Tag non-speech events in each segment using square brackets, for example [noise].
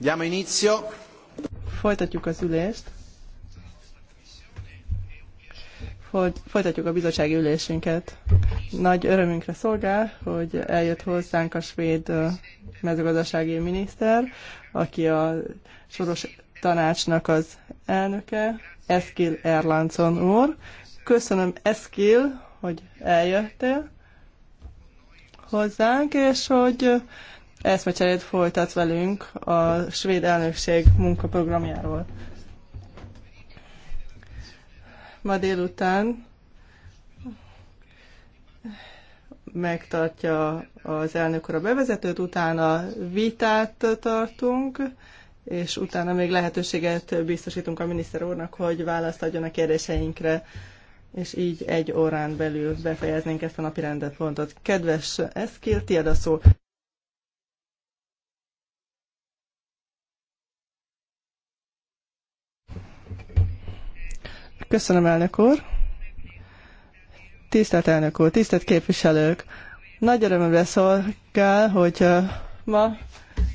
Diamo inizio. Folytatjuk az ülést. Folytatjuk a bizottsági ülésünket. Nagy örömünkre szolgál, hogy eljött hozzánk a svéd mezőgazdasági miniszter, aki a soros tanácsnak az elnöke, Eskil Erlandsson úr. Köszönöm, Eskil, hogy eljöttél hozzánk, és hogy eszmecserét folytat velünk a svéd elnökség munkaprogramjáról. Ma délután megtartja az elnök a bevezetőt, utána vitát tartunk, és utána még lehetőséget biztosítunk a miniszter úrnak, hogy választ adjon a kérdéseinkre, és így egy órán belül befejeznénk ezt a napi rendet pontot. Kedves Eszkil, tiéd a szó. Köszönöm, elnök úr. Tisztelt elnök úr, tisztelt képviselők! Nagy örömömre szolgál, hogy ma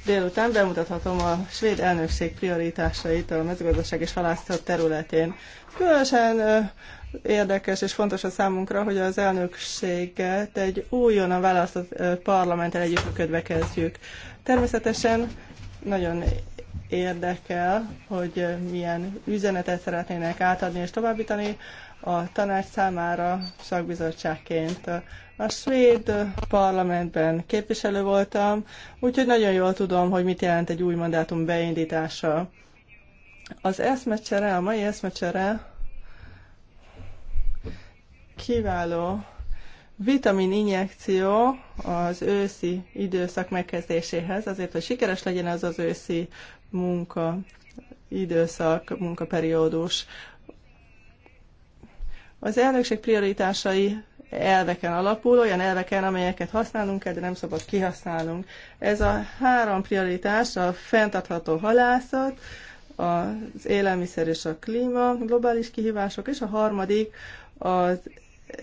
délután bemutathatom a svéd elnökség prioritásait a mezőgazdaság és halászat területén. Különösen érdekes és fontos a számunkra, hogy az elnökséget egy újonnan választott parlamenttel együttműködve kezdjük. Természetesen nagyon érdekel, hogy milyen üzenetet szeretnének átadni és továbbítani a tanács számára szakbizottságként. A svéd parlamentben képviselő voltam, úgyhogy nagyon jól tudom, hogy mit jelent egy új mandátum beindítása. Az eszmecsere, a mai eszmecsere kiváló vitamin injekció az őszi időszak megkezdéséhez, azért, hogy sikeres legyen az az őszi munka időszak, munkaperiódus. Az elnökség prioritásai elveken alapul, olyan elveken, amelyeket használnunk kell, de nem szabad kihasználnunk. Ez a három prioritás a fenntartható halászat, az élelmiszer és a klíma, globális kihívások, és a harmadik az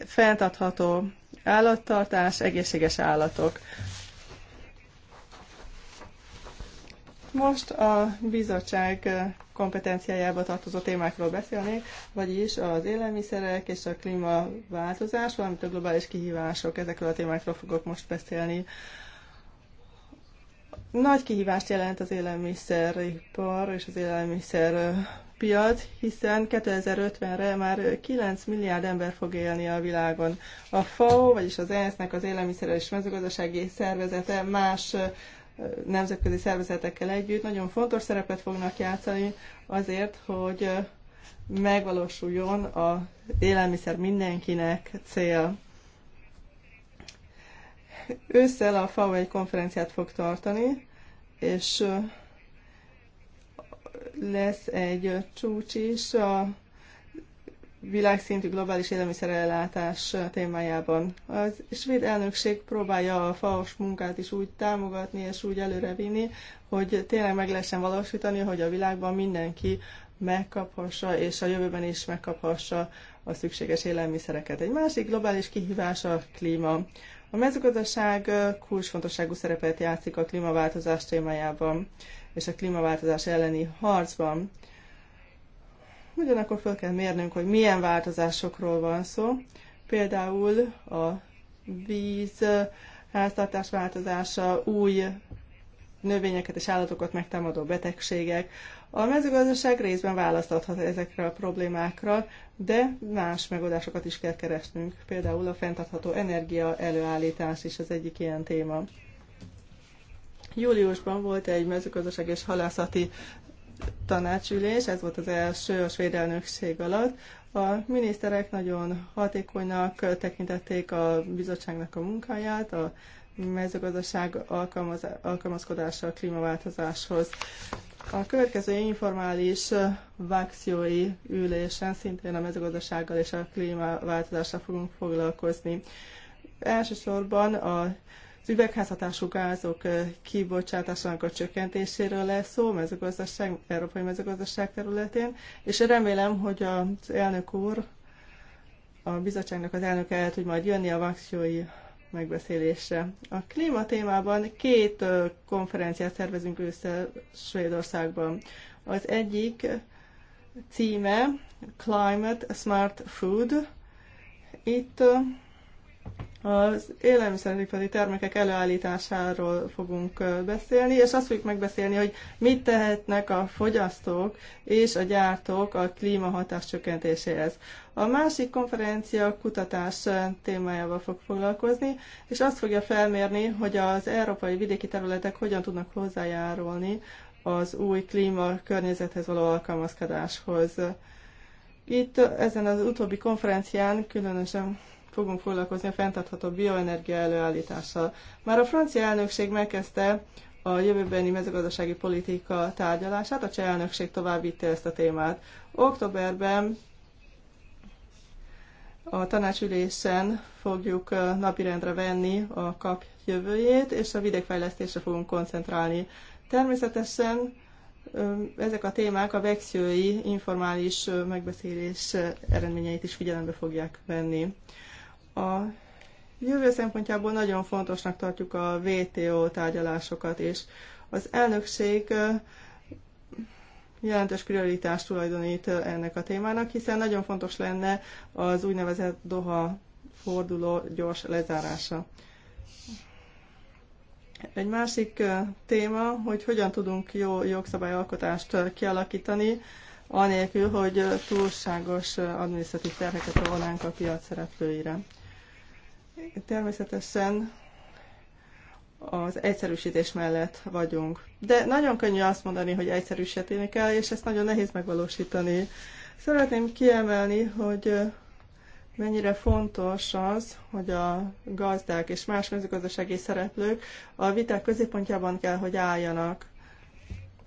fenntartható állattartás, egészséges állatok. Most a bizottság eh, kompetenciájába tartozó témákról beszélnék, vagyis az élelmiszerek és a klímaváltozás, valamint a globális kihívások, ezekről a témákról fogok most beszélni. Nagy kihívást jelent az élelmiszeripar és az élelmiszer eh, piac, hiszen 2050-re már 9 milliárd ember fog élni a világon. A FAO, vagyis az ENSZ-nek az élelmiszer és mezőgazdasági szervezete más eh, nemzetközi szervezetekkel együtt nagyon fontos szerepet fognak játszani azért, hogy megvalósuljon a élelmiszer mindenkinek cél. Ősszel a FAO egy konferenciát fog tartani, és lesz egy csúcs is a világszintű globális élelmiszerellátás témájában. A svéd elnökség próbálja a faos munkát is úgy támogatni és úgy előrevinni, hogy tényleg meg lehessen valósítani, hogy a világban mindenki megkaphassa, és a jövőben is megkaphassa a szükséges élelmiszereket. Egy másik globális kihívás a klíma. A mezőgazdaság kulcsfontosságú szerepet játszik a klímaváltozás témájában és a klímaváltozás elleni harcban ugyanakkor fel kell mérnünk, hogy milyen változásokról van szó. Például a víz háztartás változása, új növényeket és állatokat megtámadó betegségek. A mezőgazdaság részben választathat ezekre a problémákra, de más megoldásokat is kell keresnünk. Például a fenntartható energia előállítás is az egyik ilyen téma. Júliusban volt egy mezőgazdaság és halászati tanácsülés, ez volt az első a svéd elnökség alatt. A miniszterek nagyon hatékonynak tekintették a bizottságnak a munkáját, a mezőgazdaság alkalmaz, alkalmazkodása a klímaváltozáshoz. A következő informális vakciói ülésen szintén a mezőgazdasággal és a klímaváltozással fogunk foglalkozni. Elsősorban a az üvegházhatású gázok kibocsátásának a csökkentéséről lesz szó mezőgazdaság, európai mezőgazdaság területén, és remélem, hogy az elnök úr, a bizottságnak az elnöke el tud majd jönni a vaksjói megbeszélésre. A klíma témában két konferenciát szervezünk össze Svédországban. Az egyik címe Climate Smart Food. Itt az élelmiszeripari termékek előállításáról fogunk beszélni, és azt fogjuk megbeszélni, hogy mit tehetnek a fogyasztók és a gyártók a klímahatás csökkentéséhez. A másik konferencia kutatás témájával fog foglalkozni, és azt fogja felmérni, hogy az európai vidéki területek hogyan tudnak hozzájárulni az új klíma környezethez való alkalmazkodáshoz. Itt ezen az utóbbi konferencián különösen fogunk foglalkozni a fenntartható bioenergia előállítással. Már a francia elnökség megkezdte a jövőbeni mezőgazdasági politika tárgyalását, a cseh elnökség tovább vitte ezt a témát. Októberben a tanácsülésen fogjuk napirendre venni a kap jövőjét, és a vidékfejlesztésre fogunk koncentrálni. Természetesen ezek a témák a vexői informális megbeszélés eredményeit is figyelembe fogják venni. A jövő szempontjából nagyon fontosnak tartjuk a WTO tárgyalásokat, és az elnökség jelentős prioritást tulajdonít ennek a témának, hiszen nagyon fontos lenne az úgynevezett Doha forduló gyors lezárása. Egy másik téma, hogy hogyan tudunk jó jogszabályalkotást kialakítani, anélkül, hogy túlságos adminisztratív terheket rovnánk a piac szereplőire természetesen az egyszerűsítés mellett vagyunk. De nagyon könnyű azt mondani, hogy egyszerűsíteni kell, és ezt nagyon nehéz megvalósítani. Szeretném kiemelni, hogy mennyire fontos az, hogy a gazdák és más mezőgazdasági szereplők a viták középpontjában kell, hogy álljanak.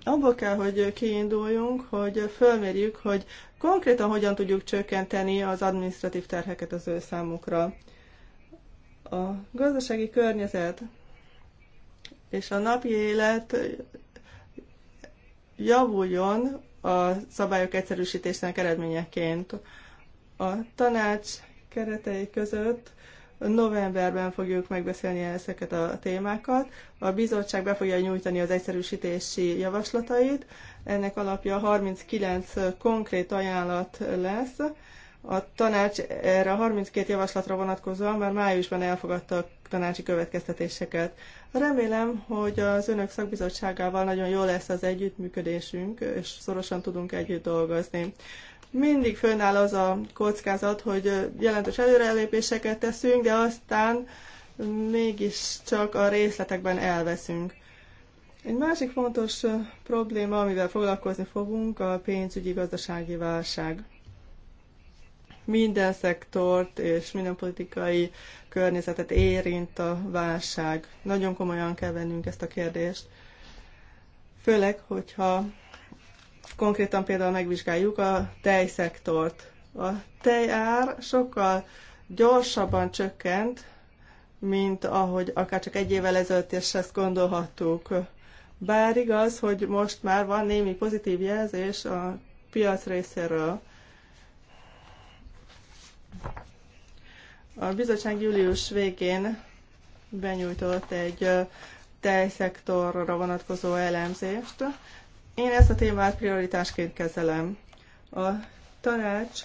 Abból kell, hogy kiinduljunk, hogy fölmérjük, hogy konkrétan hogyan tudjuk csökkenteni az administratív terheket az ő számukra. A gazdasági környezet és a napi élet javuljon a szabályok egyszerűsítésének eredményeként. A tanács keretei között novemberben fogjuk megbeszélni ezeket a témákat. A bizottság be fogja nyújtani az egyszerűsítési javaslatait. Ennek alapja 39 konkrét ajánlat lesz, a tanács erre a 32 javaslatra vonatkozóan már májusban elfogadta a tanácsi következtetéseket. Remélem, hogy az önök szakbizottságával nagyon jó lesz az együttműködésünk, és szorosan tudunk együtt dolgozni. Mindig fönnáll az a kockázat, hogy jelentős előrelépéseket teszünk, de aztán mégis csak a részletekben elveszünk. Egy másik fontos probléma, amivel foglalkozni fogunk, a pénzügyi gazdasági válság. Minden szektort és minden politikai környezetet érint a válság. Nagyon komolyan kell vennünk ezt a kérdést. Főleg, hogyha konkrétan például megvizsgáljuk a tejszektort. A tejár sokkal gyorsabban csökkent, mint ahogy akár csak egy évvel ezelőtt is ezt gondolhattuk. Bár igaz, hogy most már van némi pozitív jelzés a piac részéről, a bizottság július végén benyújtott egy tejszektorra vonatkozó elemzést. Én ezt a témát prioritásként kezelem. A tanács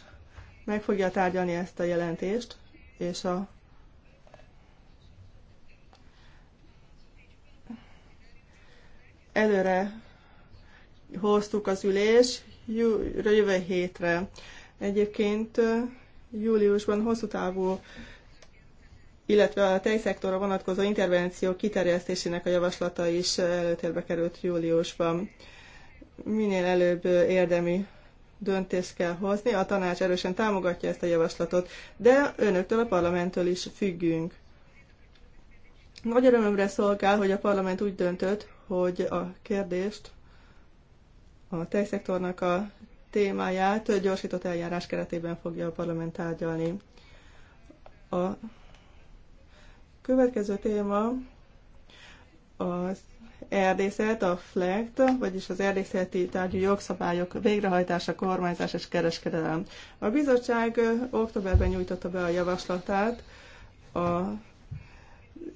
meg fogja tárgyalni ezt a jelentést, és a előre hoztuk az ülés jövő hétre. Egyébként júliusban hosszú távú illetve a tejszektorra vonatkozó intervenció kiterjesztésének a javaslata is előtérbe került júliusban. Minél előbb érdemi döntést kell hozni, a tanács erősen támogatja ezt a javaslatot, de önöktől, a parlamenttől is függünk. Nagy örömömre szolgál, hogy a parlament úgy döntött, hogy a kérdést a tejszektornak a témáját gyorsított eljárás keretében fogja a parlament tárgyalni. A következő téma az erdészet, a FLECT, vagyis az erdészeti tárgyú jogszabályok végrehajtása, kormányzás és kereskedelem. A bizottság októberben nyújtotta be a javaslatát a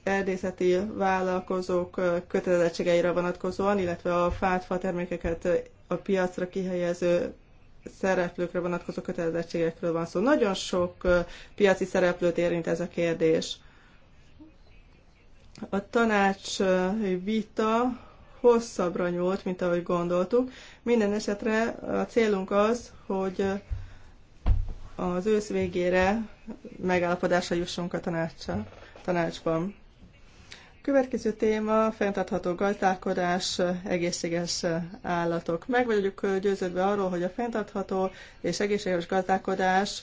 erdészeti vállalkozók kötelezettségeire vonatkozóan, illetve a fátfa termékeket a piacra kihelyező szereplőkre vonatkozó kötelezettségekről van szó. Nagyon sok piaci szereplőt érint ez a kérdés. A tanács vita hosszabbra nyúlt, mint ahogy gondoltuk. Minden esetre a célunk az, hogy az ősz végére megállapodásra jussunk a tanácsa, tanácsban. Következő téma fenntartható gazdálkodás, egészséges állatok. Meg vagyok győződve arról, hogy a fenntartható és egészséges gazdálkodás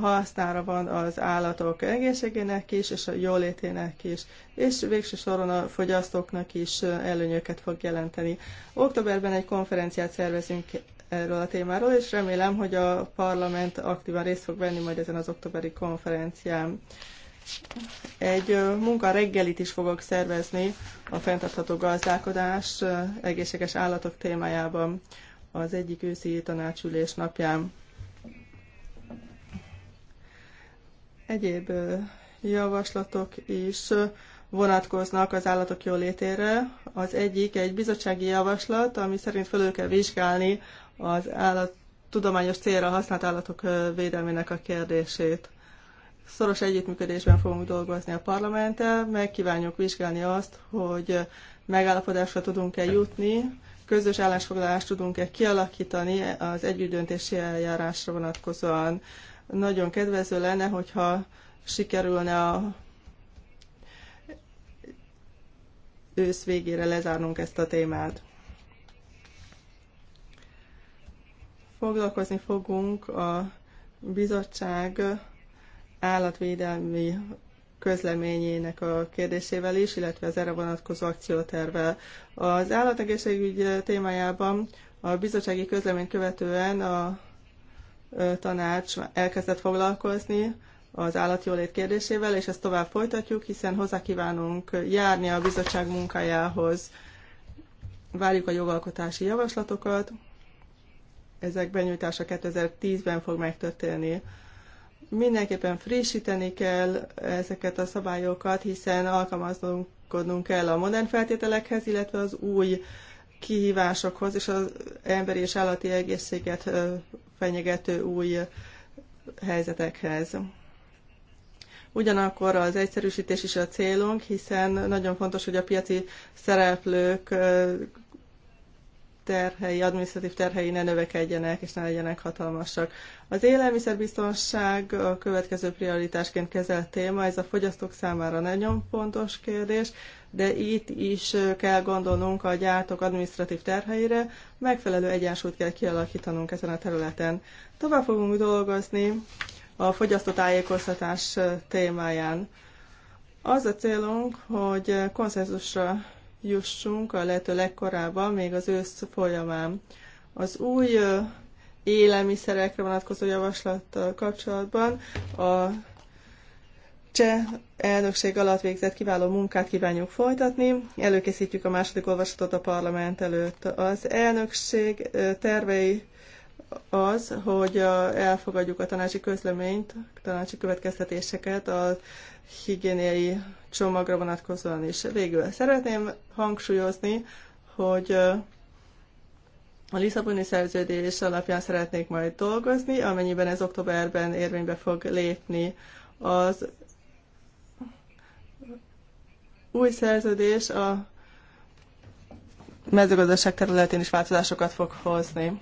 hasznára van az állatok egészségének is, és a jólétének is, és végső soron a fogyasztóknak is előnyöket fog jelenteni. Októberben egy konferenciát szervezünk erről a témáról, és remélem, hogy a parlament aktívan részt fog venni majd ezen az októberi konferencián. Egy munka reggelit is fogok szervezni a fenntartható gazdálkodás egészséges állatok témájában az egyik őszi tanácsülés napján. Egyéb javaslatok is vonatkoznak az állatok jólétére. Az egyik egy bizottsági javaslat, ami szerint felül kell vizsgálni az állat tudományos célra használt állatok védelmének a kérdését. Szoros együttműködésben fogunk dolgozni a parlamenttel, meg kívánjuk vizsgálni azt, hogy megállapodásra tudunk-e jutni, közös állásfoglalást tudunk-e kialakítani az együttdöntési eljárásra vonatkozóan. Nagyon kedvező lenne, hogyha sikerülne a ősz végére lezárnunk ezt a témát. Foglalkozni fogunk a bizottság állatvédelmi közleményének a kérdésével is, illetve az erre vonatkozó akciótervel. Az állategészségügy témájában a bizottsági közlemény követően a tanács elkezdett foglalkozni az állatjólét kérdésével, és ezt tovább folytatjuk, hiszen hozzá kívánunk járni a bizottság munkájához. Várjuk a jogalkotási javaslatokat, ezek benyújtása 2010-ben fog megtörténni. Mindenképpen frissíteni kell ezeket a szabályokat, hiszen alkalmazkodnunk kell a modern feltételekhez, illetve az új kihívásokhoz és az emberi és állati egészséget fenyegető új helyzetekhez. Ugyanakkor az egyszerűsítés is a célunk, hiszen nagyon fontos, hogy a piaci szereplők terhei, adminisztratív terhei ne növekedjenek és ne legyenek hatalmasak. Az élelmiszerbiztonság a következő prioritásként kezelt téma, ez a fogyasztók számára nagyon fontos kérdés, de itt is kell gondolnunk a gyártók adminisztratív terheire, megfelelő egyensúlyt kell kialakítanunk ezen a területen. Tovább fogunk dolgozni a fogyasztótájékoztatás témáján. Az a célunk, hogy konszenzusra jussunk a lehető legkorábban, még az ősz folyamán. Az új élelmiszerekre vonatkozó javaslat kapcsolatban a cseh elnökség alatt végzett kiváló munkát kívánjuk folytatni. Előkészítjük a második olvasatot a parlament előtt. Az elnökség tervei az, hogy elfogadjuk a tanácsi közleményt, a tanácsi következtetéseket a higiéniai csomagra vonatkozóan is. Végül szeretném hangsúlyozni, hogy a Lisszaboni szerződés alapján szeretnék majd dolgozni, amennyiben ez októberben érvénybe fog lépni az új szerződés a mezőgazdaság területén is változásokat fog hozni.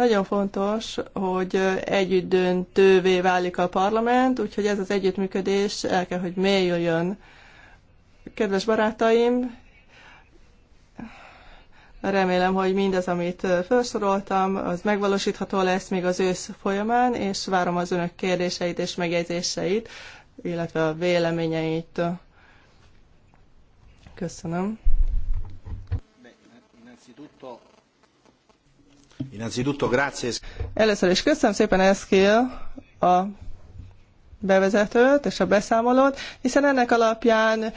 Nagyon fontos, hogy együtt döntővé válik a parlament, úgyhogy ez az együttműködés el kell, hogy mélyüljön. Kedves barátaim, remélem, hogy mindez, amit felsoroltam, az megvalósítható lesz még az ősz folyamán, és várom az önök kérdéseit és megjegyzéseit, illetve a véleményeit. Köszönöm. Innanzitutto grazie. Először is köszönöm szépen Eszkél a bevezetőt és a beszámolót, hiszen ennek alapján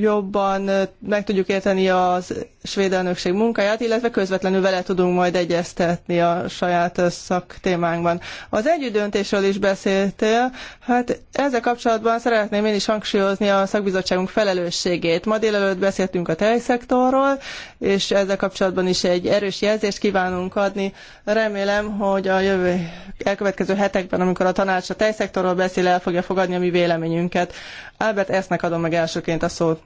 jobban meg tudjuk érteni az svéd elnökség munkáját, illetve közvetlenül vele tudunk majd egyeztetni a saját szaktémánkban. Az együttdöntésről is beszéltél, hát ezzel kapcsolatban szeretném én is hangsúlyozni a szakbizottságunk felelősségét. Ma délelőtt beszéltünk a tejszektorról, és ezzel kapcsolatban is egy erős jelzést kívánunk adni. Remélem, hogy a jövő elkövetkező hetekben, amikor a tanács a tejszektorról beszél, el fogja fogadni a mi véleményünket. Albert Esznek adom meg elsőként a szót.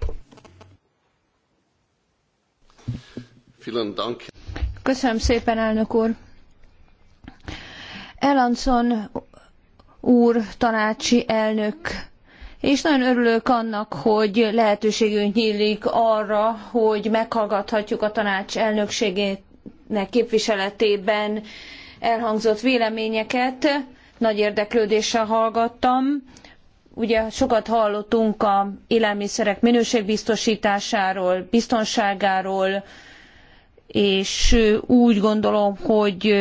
Köszönöm szépen, elnök úr. Elanson úr, tanácsi elnök és nagyon örülök annak, hogy lehetőségünk nyílik arra, hogy meghallgathatjuk a tanács elnökségének képviseletében elhangzott véleményeket. Nagy érdeklődéssel hallgattam. Ugye sokat hallottunk a élelmiszerek minőségbiztosításáról, biztonságáról, és úgy gondolom, hogy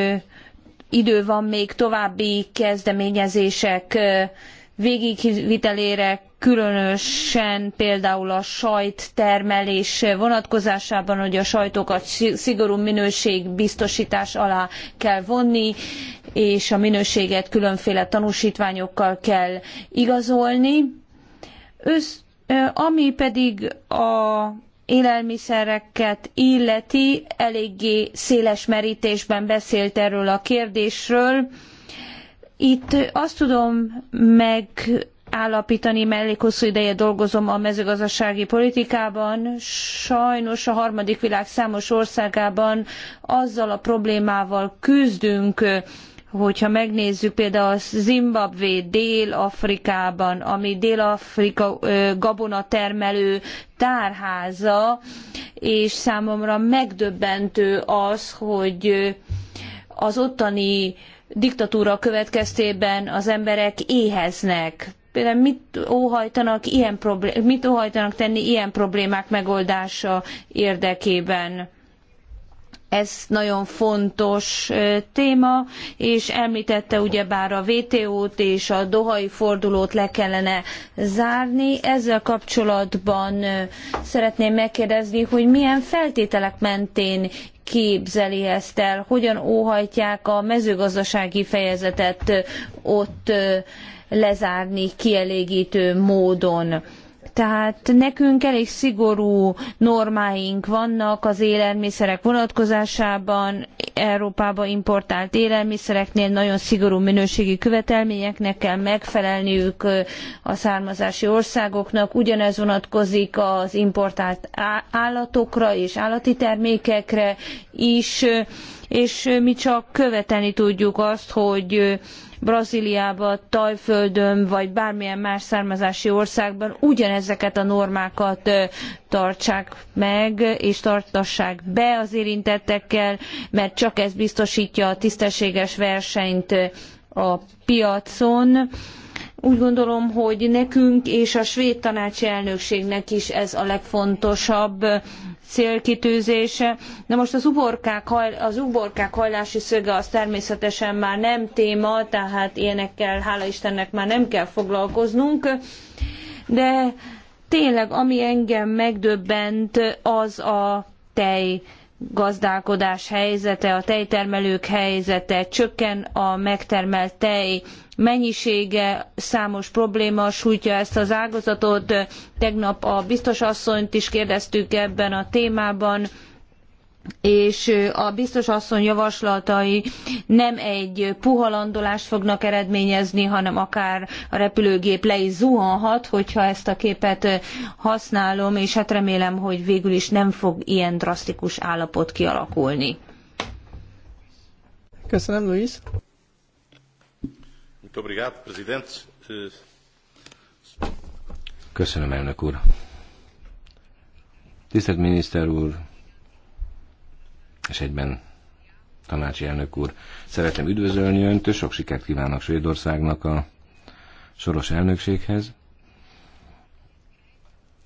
idő van még további kezdeményezések végigvitelére, különösen például a sajttermelés vonatkozásában, hogy a sajtokat szigorú minőségbiztosítás alá kell vonni, és a minőséget különféle tanúsítványokkal kell igazolni. Össz, ami pedig a élelmiszereket illeti, eléggé széles merítésben beszélt erről a kérdésről. Itt azt tudom meg állapítani, mert elég hosszú ideje dolgozom a mezőgazdasági politikában. Sajnos a harmadik világ számos országában azzal a problémával küzdünk, hogyha megnézzük például a Zimbabwe Dél-Afrikában, ami Dél-Afrika gabonatermelő tárháza, és számomra megdöbbentő az, hogy az ottani diktatúra következtében az emberek éheznek. Például mit óhajtanak, ilyen problém, mit óhajtanak tenni ilyen problémák megoldása érdekében? Ez nagyon fontos téma, és említette ugyebár a WTO-t és a Dohai fordulót le kellene zárni. Ezzel kapcsolatban szeretném megkérdezni, hogy milyen feltételek mentén képzeli ezt el, hogyan óhajtják a mezőgazdasági fejezetet ott lezárni kielégítő módon tehát nekünk elég szigorú normáink vannak az élelmiszerek vonatkozásában, Európába importált élelmiszereknél nagyon szigorú minőségi követelményeknek kell megfelelniük a származási országoknak, ugyanez vonatkozik az importált állatokra és állati termékekre is, és mi csak követelni tudjuk azt, hogy Brazíliában, Tajföldön, vagy bármilyen más származási országban ugyanezeket a normákat tartsák meg, és tartassák be az érintettekkel, mert csak ez biztosítja a tisztességes versenyt a piacon úgy gondolom, hogy nekünk és a svéd tanácsi elnökségnek is ez a legfontosabb célkitűzése. Na most az uborkák, az uborkák hajlási szöge az természetesen már nem téma, tehát ilyenekkel hála Istennek már nem kell foglalkoznunk, de tényleg ami engem megdöbbent az a tej gazdálkodás helyzete, a tejtermelők helyzete, csökken a megtermelt tej mennyisége, számos probléma sújtja ezt az ágazatot. Tegnap a biztos asszonyt is kérdeztük ebben a témában, és a biztos asszony javaslatai nem egy puha landolást fognak eredményezni, hanem akár a repülőgép le is zuhanhat, hogyha ezt a képet használom, és hát remélem, hogy végül is nem fog ilyen drasztikus állapot kialakulni. Köszönöm, Luis. Köszönöm, elnök úr. Tisztelt miniszter úr, és egyben tanácsi elnök úr. Szeretem üdvözölni önt, és sok sikert kívánok Svédországnak a soros elnökséghez.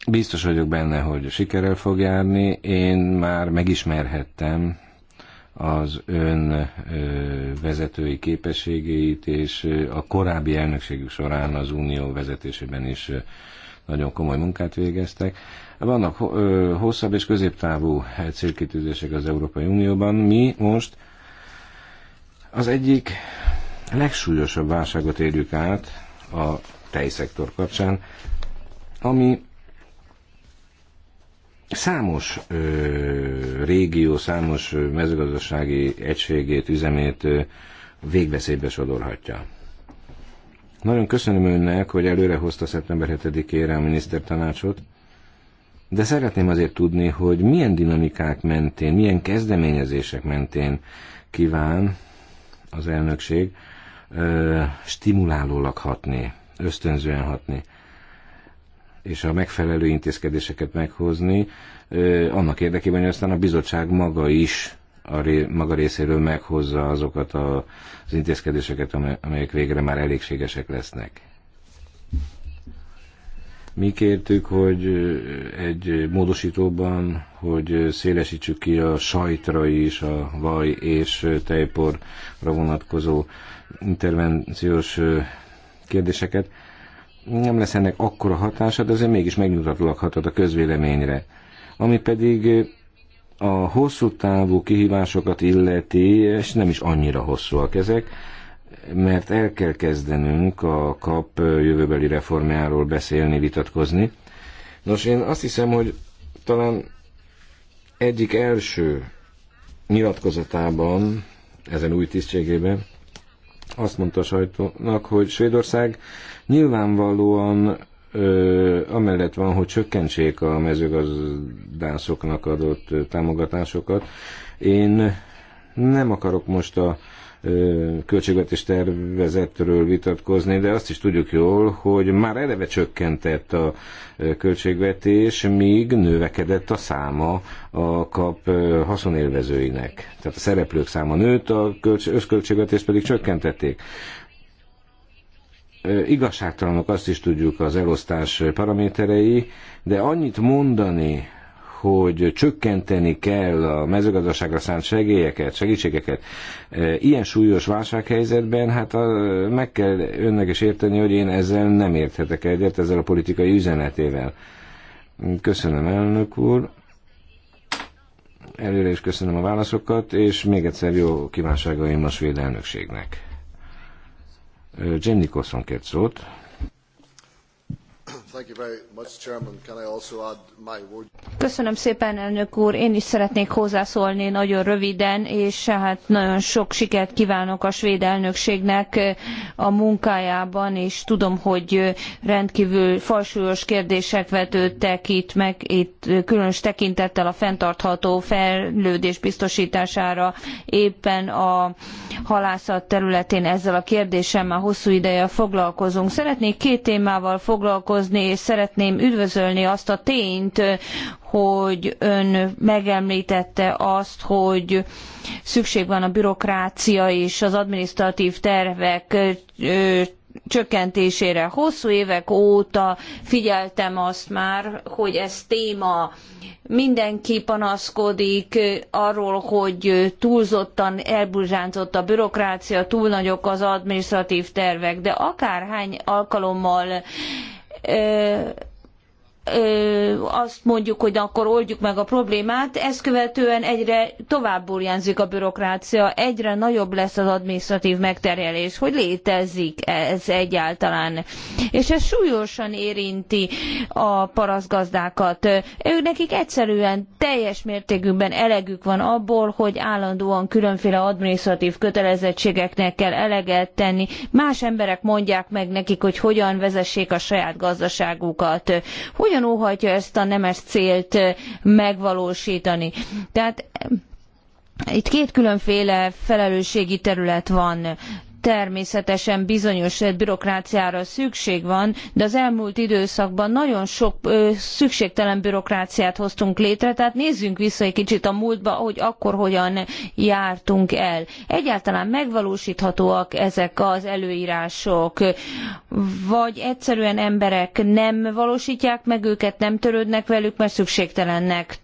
Biztos vagyok benne, hogy sikerrel fog járni. Én már megismerhettem az ön vezetői képességeit, és a korábbi elnökségük során az unió vezetésében is nagyon komoly munkát végeztek. Vannak hosszabb és középtávú célkitűzések az Európai Unióban. Mi most az egyik legsúlyosabb válságot érjük át a tejszektor kapcsán, ami számos ö, régió, számos mezőgazdasági egységét, üzemét ö, végveszélybe sodorhatja. Nagyon köszönöm önnek, hogy előre hozta szeptember 7-ére a minisztertanácsot, de szeretném azért tudni, hogy milyen dinamikák mentén, milyen kezdeményezések mentén kíván az elnökség ö, stimulálólag hatni, ösztönzően hatni, és a megfelelő intézkedéseket meghozni, ö, annak érdekében, hogy aztán a bizottság maga is a ré, maga részéről meghozza azokat a, az intézkedéseket, amelyek végre már elégségesek lesznek. Mi kértük, hogy egy módosítóban, hogy szélesítsük ki a sajtra is a vaj és tejporra vonatkozó intervenciós kérdéseket. Nem lesz ennek akkora hatása, de azért mégis megnyugtatólag a közvéleményre. Ami pedig a hosszú távú kihívásokat illeti, és nem is annyira hosszúak ezek, mert el kell kezdenünk a kap jövőbeli reformjáról beszélni, vitatkozni. Nos, én azt hiszem, hogy talán egyik első nyilatkozatában, ezen új tisztségében, azt mondta a sajtónak, hogy Svédország nyilvánvalóan ö, amellett van, hogy csökkentsék a mezőgazdászoknak adott támogatásokat. Én nem akarok most a költségvetés tervezetről vitatkozni, de azt is tudjuk jól, hogy már eleve csökkentett a költségvetés, míg növekedett a száma a kap haszonélvezőinek. Tehát a szereplők száma nőtt, a összköltségvetés pedig csökkentették igazságtalanok azt is tudjuk az elosztás paraméterei, de annyit mondani hogy csökkenteni kell a mezőgazdaságra szánt segélyeket, segítségeket. E, ilyen súlyos válsághelyzetben, hát a, meg kell önnek is érteni, hogy én ezzel nem érthetek egyet, ezzel a politikai üzenetével. Köszönöm, elnök úr. Előre is köszönöm a válaszokat, és még egyszer jó kívánságaim a svéd elnökségnek. E, Jenny Kosson kért szót. Köszönöm szépen, elnök úr. Én is szeretnék hozzászólni nagyon röviden, és hát nagyon sok sikert kívánok a svéd elnökségnek eh, a munkájában, és tudom, hogy eh, rendkívül falsúlyos kérdések vetődtek itt meg, itt eh, különös tekintettel a fenntartható fejlődés biztosítására éppen a halászat területén ezzel a kérdéssel már hosszú ideje foglalkozunk. Szeretnék két témával foglalkozni, csatlakozni, és szeretném üdvözölni azt a tényt, hogy ön megemlítette azt, hogy szükség van a bürokrácia és az administratív tervek csökkentésére. Hosszú évek óta figyeltem azt már, hogy ez téma. Mindenki panaszkodik arról, hogy túlzottan elburzsántott a bürokrácia, túl nagyok az administratív tervek, de akárhány alkalommal ö, azt mondjuk, hogy akkor oldjuk meg a problémát, ezt követően egyre tovább burjánzik a bürokrácia, egyre nagyobb lesz az adminisztratív megterhelés, hogy létezik ez egyáltalán. És ez súlyosan érinti a paraszgazdákat. Ők nekik egyszerűen teljes mértékűben elegük van abból, hogy állandóan különféle adminisztratív kötelezettségeknek kell eleget tenni. Más emberek mondják meg nekik, hogy hogyan vezessék a saját gazdaságukat. Hogyan hogyan óhajtja ezt a nemes célt megvalósítani. Tehát itt két különféle felelősségi terület van. Természetesen bizonyos bürokráciára szükség van, de az elmúlt időszakban nagyon sok ö, szükségtelen bürokráciát hoztunk létre, tehát nézzünk vissza egy kicsit a múltba, hogy akkor hogyan jártunk el. Egyáltalán megvalósíthatóak ezek az előírások, vagy egyszerűen emberek nem valósítják meg őket, nem törődnek velük, mert szükségtelennek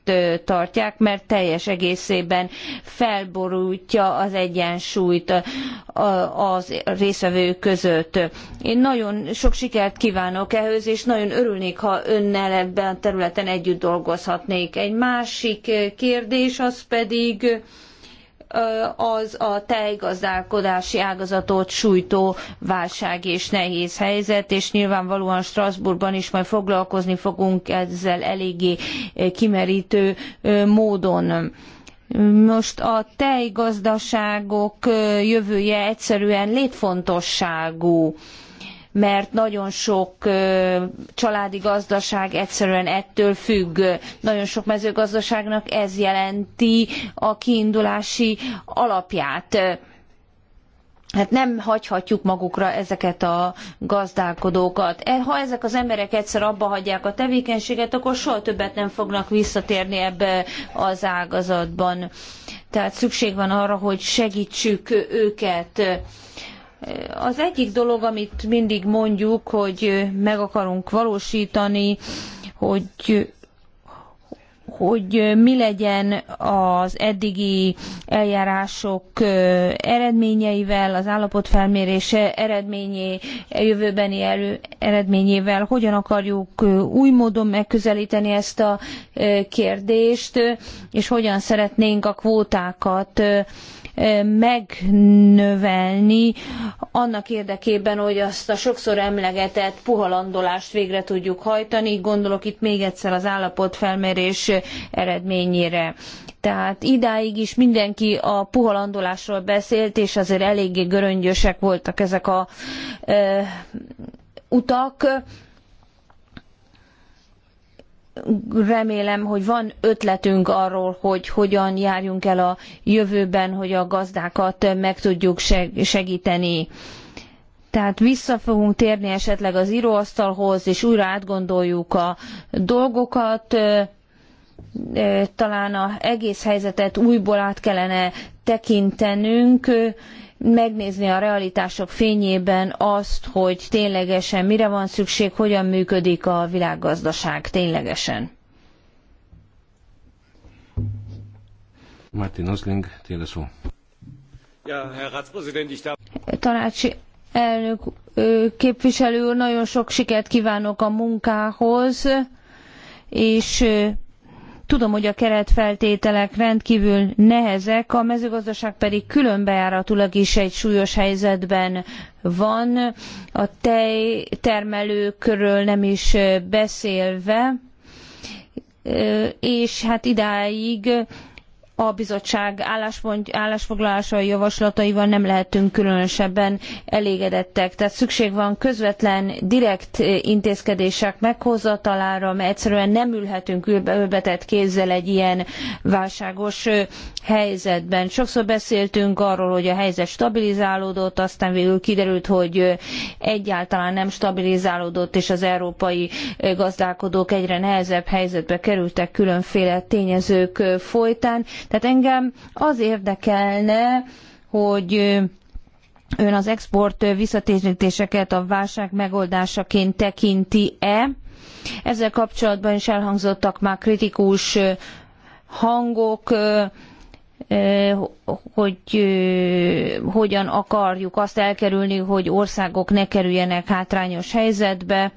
tartják, mert teljes egészében felborultja az egyensúlyt a, a az részvevők között. Én nagyon sok sikert kívánok ehhez, és nagyon örülnék, ha önnel ebben a területen együtt dolgozhatnék. Egy másik kérdés az pedig az a tejgazdálkodási ágazatot sújtó válság és nehéz helyzet, és nyilvánvalóan Strasbourgban is majd foglalkozni fogunk ezzel eléggé kimerítő módon most a tejgazdaságok jövője egyszerűen létfontosságú mert nagyon sok családi gazdaság egyszerűen ettől függ. Nagyon sok mezőgazdaságnak ez jelenti a kiindulási alapját hát nem hagyhatjuk magukra ezeket a gazdálkodókat. E, ha ezek az emberek egyszer abba hagyják a tevékenységet, akkor soha többet nem fognak visszatérni ebbe az ágazatban. Tehát szükség van arra, hogy segítsük őket. Az egyik dolog, amit mindig mondjuk, hogy meg akarunk valósítani, hogy hogy mi legyen az eddigi eljárások eredményeivel, az állapotfelmérés eredményé, jövőbeni elő, eredményével, hogyan akarjuk új módon megközelíteni ezt a kérdést, és hogyan szeretnénk a kvótákat megnövelni annak érdekében, hogy azt a sokszor emlegetett puhalandolást végre tudjuk hajtani. Gondolok itt még egyszer az állapotfelmérés eredményére. Tehát idáig is mindenki a puhalandolásról beszélt, és azért eléggé göröngyösek voltak ezek a ö, utak remélem, hogy van ötletünk arról, hogy hogyan járjunk el a jövőben, hogy a gazdákat meg tudjuk segíteni. Tehát vissza fogunk térni esetleg az íróasztalhoz, és újra átgondoljuk a dolgokat talán a egész helyzetet újból át kellene tekintenünk, megnézni a realitások fényében azt, hogy ténylegesen mire van szükség, hogyan működik a világgazdaság ténylegesen. Martin Osling, tényleg szó. Ja, Herr ich darf... Tanácsi elnök képviselő úr, nagyon sok sikert kívánok a munkához, és Tudom, hogy a keretfeltételek rendkívül nehezek, a mezőgazdaság pedig különbejáratulag is egy súlyos helyzetben van, a tejtermelőkről nem is beszélve, és hát idáig a bizottság állásfoglalásai javaslataival nem lehetünk különösebben elégedettek. Tehát szükség van közvetlen, direkt intézkedések meghozatalára, mert egyszerűen nem ülhetünk ölbetett kézzel egy ilyen válságos helyzetben. Sokszor beszéltünk arról, hogy a helyzet stabilizálódott, aztán végül kiderült, hogy egyáltalán nem stabilizálódott, és az európai gazdálkodók egyre nehezebb helyzetbe kerültek különféle tényezők folytán tehát engem az érdekelne, hogy ön az export visszatérítéseket a válság megoldásaként tekinti-e. Ezzel kapcsolatban is elhangzottak már kritikus hangok, Eh, hogy eh, hogyan akarjuk azt elkerülni, hogy országok ne kerüljenek hátrányos helyzetbe.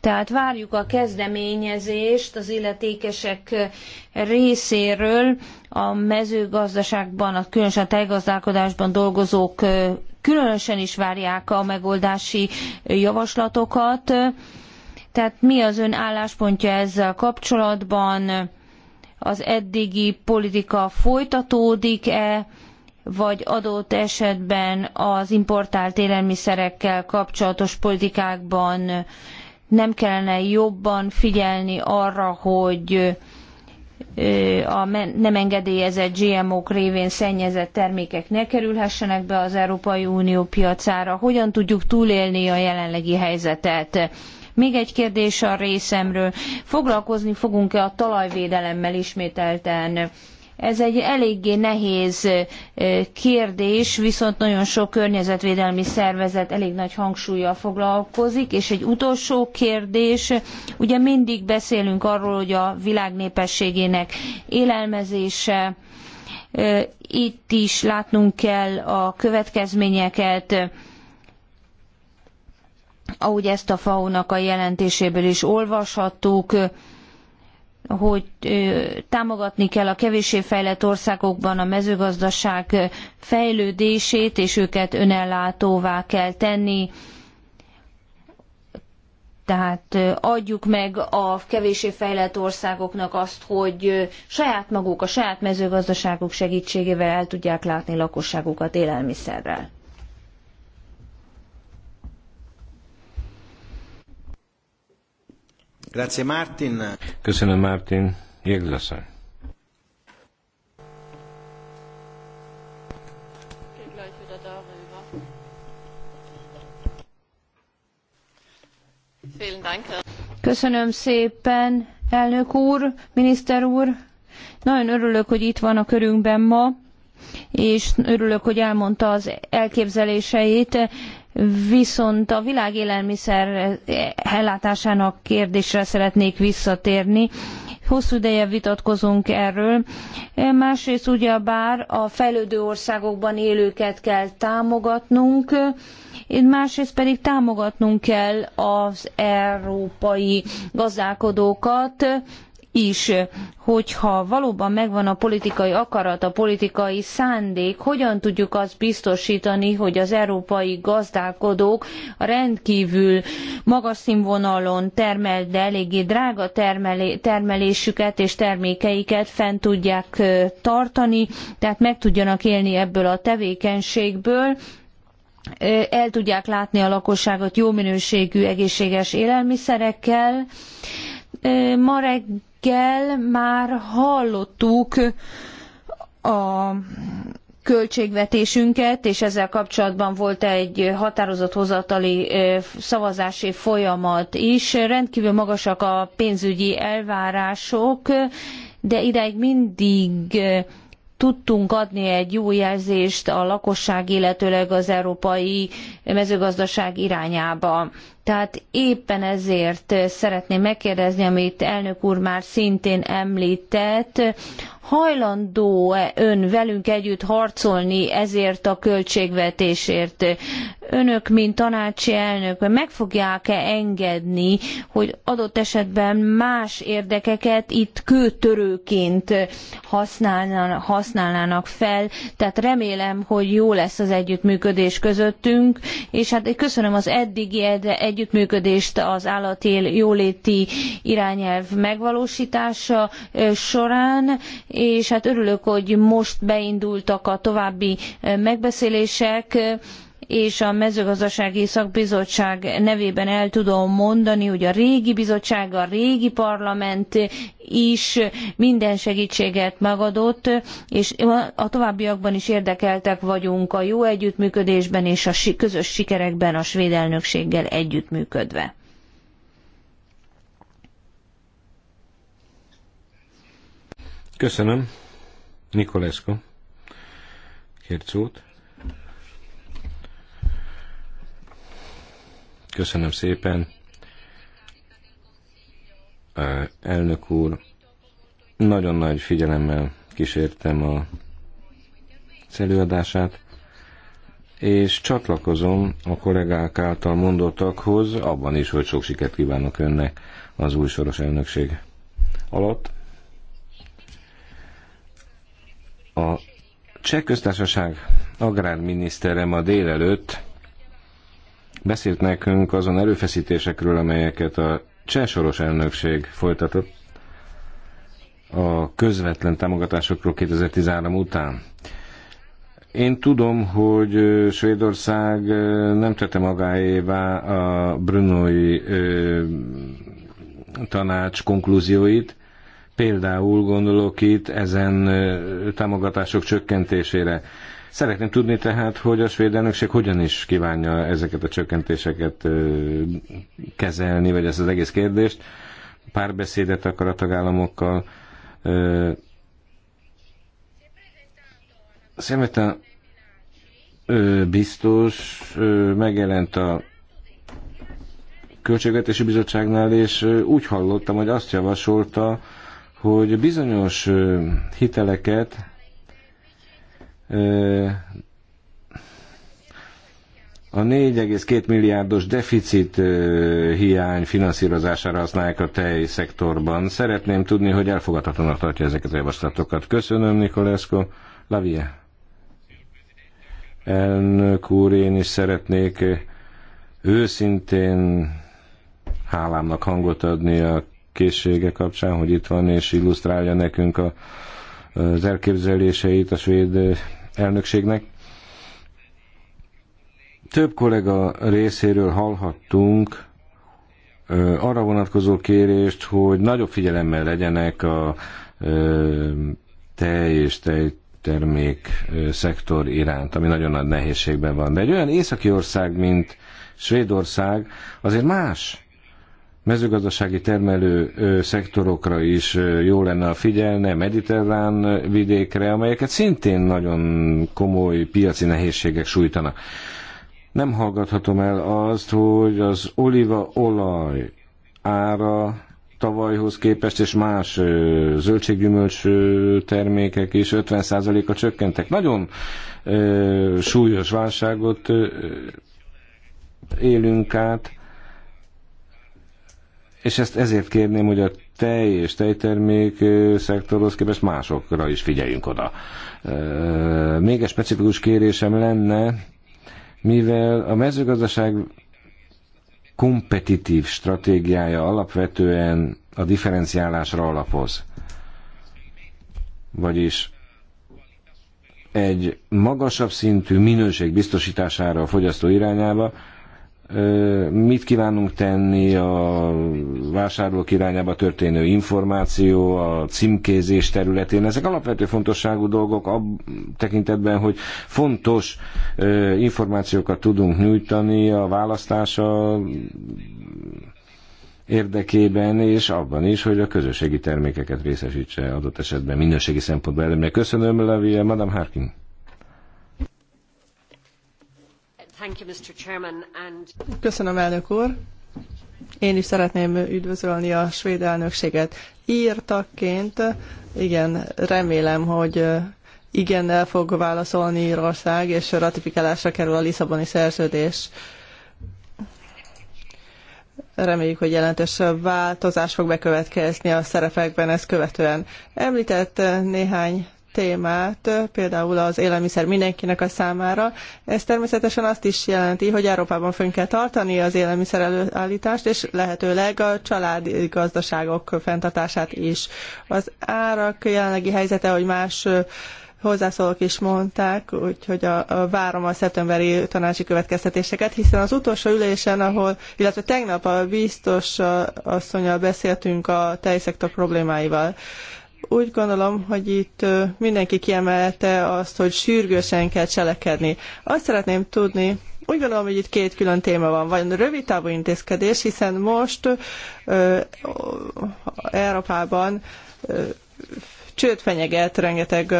Tehát várjuk a kezdeményezést az illetékesek részéről a mezőgazdaságban, a különösen tejgazdálkodásban dolgozók eh, különösen is várják a megoldási javaslatokat. Tehát mi az ön álláspontja ezzel kapcsolatban? az eddigi politika folytatódik-e, vagy adott esetben az importált élelmiszerekkel kapcsolatos politikákban nem kellene jobban figyelni arra, hogy a nem engedélyezett GMO-k révén szennyezett termékek ne kerülhessenek be az Európai Unió piacára, hogyan tudjuk túlélni a jelenlegi helyzetet. Még egy kérdés a részemről. Foglalkozni fogunk-e a talajvédelemmel ismételten? Ez egy eléggé nehéz kérdés, viszont nagyon sok környezetvédelmi szervezet elég nagy hangsúlyjal foglalkozik. És egy utolsó kérdés, ugye mindig beszélünk arról, hogy a világ népességének élelmezése, itt is látnunk kell a következményeket, ahogy ezt a FAO-nak a jelentéséből is olvashattuk, hogy támogatni kell a kevéssé fejlett országokban a mezőgazdaság fejlődését, és őket önellátóvá kell tenni. Tehát adjuk meg a kevéssé fejlett országoknak azt, hogy saját maguk, a saját mezőgazdaságuk segítségével el tudják látni lakosságukat élelmiszerrel. Grazie Martin. Köszönöm Martin. Jéglasszony. Köszönöm szépen, elnök úr, miniszter úr. Nagyon örülök, hogy itt van a körünkben ma, és örülök, hogy elmondta az elképzeléseit. Viszont a világ élelmiszer ellátásának kérdésre szeretnék visszatérni. Hosszú ideje vitatkozunk erről. Másrészt ugyebár a fejlődő országokban élőket kell támogatnunk, másrészt pedig támogatnunk kell az európai gazdálkodókat, is, hogyha valóban megvan a politikai akarat, a politikai szándék, hogyan tudjuk azt biztosítani, hogy az európai gazdálkodók a rendkívül magas színvonalon termelt, de eléggé drága termelésüket és termékeiket fent tudják tartani, tehát meg tudjanak élni ebből a tevékenységből, el tudják látni a lakosságot jó minőségű egészséges élelmiszerekkel. Ma reggel Kell már hallottuk a költségvetésünket, és ezzel kapcsolatban volt egy határozathozatali szavazási folyamat is. Rendkívül magasak a pénzügyi elvárások, de ideig mindig tudtunk adni egy jó jelzést a lakosság, illetőleg az európai mezőgazdaság irányába. Tehát éppen ezért eh, szeretném megkérdezni, amit elnök úr már szintén említett, hajlandó-e ön velünk együtt harcolni ezért a költségvetésért? Önök, mint tanácsi elnök, meg fogják-e engedni, hogy adott esetben más érdekeket itt kőtörőként használnának fel? Tehát remélem, hogy jó lesz az együttműködés közöttünk, és hát köszönöm az eddigi együttműködést az állati jóléti irányelv megvalósítása során, és hát örülök, hogy most beindultak a további megbeszélések, és a mezőgazdasági szakbizottság nevében el tudom mondani, hogy a régi bizottság, a régi parlament is minden segítséget megadott, és a továbbiakban is érdekeltek vagyunk a jó együttműködésben és a közös sikerekben a svéd elnökséggel együttműködve. Köszönöm. Nikolesko. Kért szót. Köszönöm szépen. Elnök úr, nagyon nagy figyelemmel kísértem a előadását, és csatlakozom a kollégák által mondottakhoz, abban is, hogy sok sikert kívánok önnek az új soros elnökség alatt. A Cseh köztársaság agrárminisztere ma délelőtt beszélt nekünk azon erőfeszítésekről, amelyeket a Csásoros elnökség folytatott a közvetlen támogatásokról 2013 után. Én tudom, hogy Svédország nem tette magáévá a Brunói tanács konklúzióit, Például gondolok itt ezen támogatások csökkentésére. Szeretném tudni tehát, hogy a svéd elnökség hogyan is kívánja ezeket a csökkentéseket kezelni, vagy ezt az egész kérdést. Párbeszédet akar a tagállamokkal. Szemete biztos megjelent a Költségvetési Bizottságnál, és úgy hallottam, hogy azt javasolta, hogy bizonyos hiteleket a 4,2 milliárdos deficit hiány finanszírozására használják a tej szektorban. Szeretném tudni, hogy elfogadhatónak tartja ezeket a javaslatokat. Köszönöm, Nikolesko. Lavie. Elnök úr, én is szeretnék őszintén hálámnak hangot adni a készsége kapcsán, hogy itt van és illusztrálja nekünk a, az elképzeléseit a svéd elnökségnek. Több kollega részéről hallhattunk arra vonatkozó kérést, hogy nagyobb figyelemmel legyenek a tej és tej termék szektor iránt, ami nagyon nagy nehézségben van. De egy olyan északi ország, mint Svédország, azért más mezőgazdasági termelő szektorokra is jó lenne a figyelne, mediterrán vidékre, amelyeket szintén nagyon komoly piaci nehézségek sújtanak. Nem hallgathatom el azt, hogy az olívaolaj ára tavalyhoz képest, és más zöldséggyümölcs termékek is 50%-a csökkentek. Nagyon súlyos válságot élünk át és ezt ezért kérném, hogy a tej és tejtermék szektorhoz képest másokra is figyeljünk oda. Még egy specifikus kérésem lenne, mivel a mezőgazdaság kompetitív stratégiája alapvetően a differenciálásra alapoz. Vagyis egy magasabb szintű minőség biztosítására a fogyasztó irányába, mit kívánunk tenni a vásárlók irányába történő információ, a címkézés területén. Ezek alapvető fontosságú dolgok a tekintetben, hogy fontos információkat tudunk nyújtani a választása érdekében, és abban is, hogy a közösségi termékeket részesítse adott esetben minőségi szempontból előbb. Köszönöm, Levi, Madame Harkin. Köszönöm, elnök úr. Én is szeretném üdvözölni a svéd elnökséget. Írtakként, igen, remélem, hogy igennel fog válaszolni Írország, és ratifikálásra kerül a Lisszaboni szerződés. Reméljük, hogy jelentős változás fog bekövetkezni a szerepekben ezt követően. Említett néhány témát, például az élelmiszer mindenkinek a számára. Ez természetesen azt is jelenti, hogy Európában fönn kell tartani az élelmiszer előállítást, és lehetőleg a családi gazdaságok fenntartását is. Az árak jelenlegi helyzete, hogy más hozzászólók is mondták, úgyhogy a, a várom a szeptemberi tanácsi következtetéseket, hiszen az utolsó ülésen, ahol, illetve tegnap a biztos asszonyal beszéltünk a tejszektor problémáival úgy gondolom, hogy itt mindenki kiemelte azt, hogy sürgősen kell cselekedni. Azt szeretném tudni, úgy gondolom, hogy itt két külön téma van. Van rövid távú intézkedés, hiszen most ö, Európában ö, csőd fenyeget rengeteg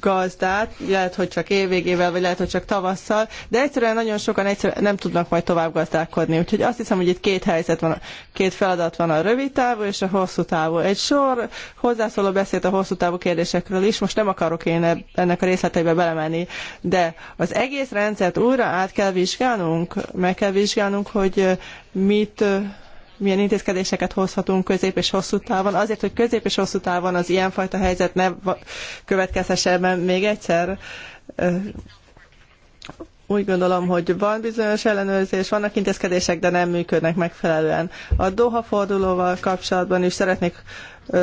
gazdát, lehet, hogy csak évvégével, vagy lehet, hogy csak tavasszal, de egyszerűen nagyon sokan egyszerűen nem tudnak majd tovább gazdálkodni. Úgyhogy azt hiszem, hogy itt két helyzet van, két feladat van a rövid távú és a hosszú távú. Egy sor hozzászóló beszélt a hosszú távú kérdésekről is, most nem akarok én ennek a részleteibe belemenni, de az egész rendszert újra át kell vizsgálnunk, meg kell vizsgálnunk, hogy mit milyen intézkedéseket hozhatunk közép és hosszú távon, azért, hogy közép és hosszú távon az ilyenfajta helyzet ne következhessen még egyszer úgy gondolom, hogy van bizonyos ellenőrzés, vannak intézkedések, de nem működnek megfelelően. A Doha fordulóval kapcsolatban is szeretnék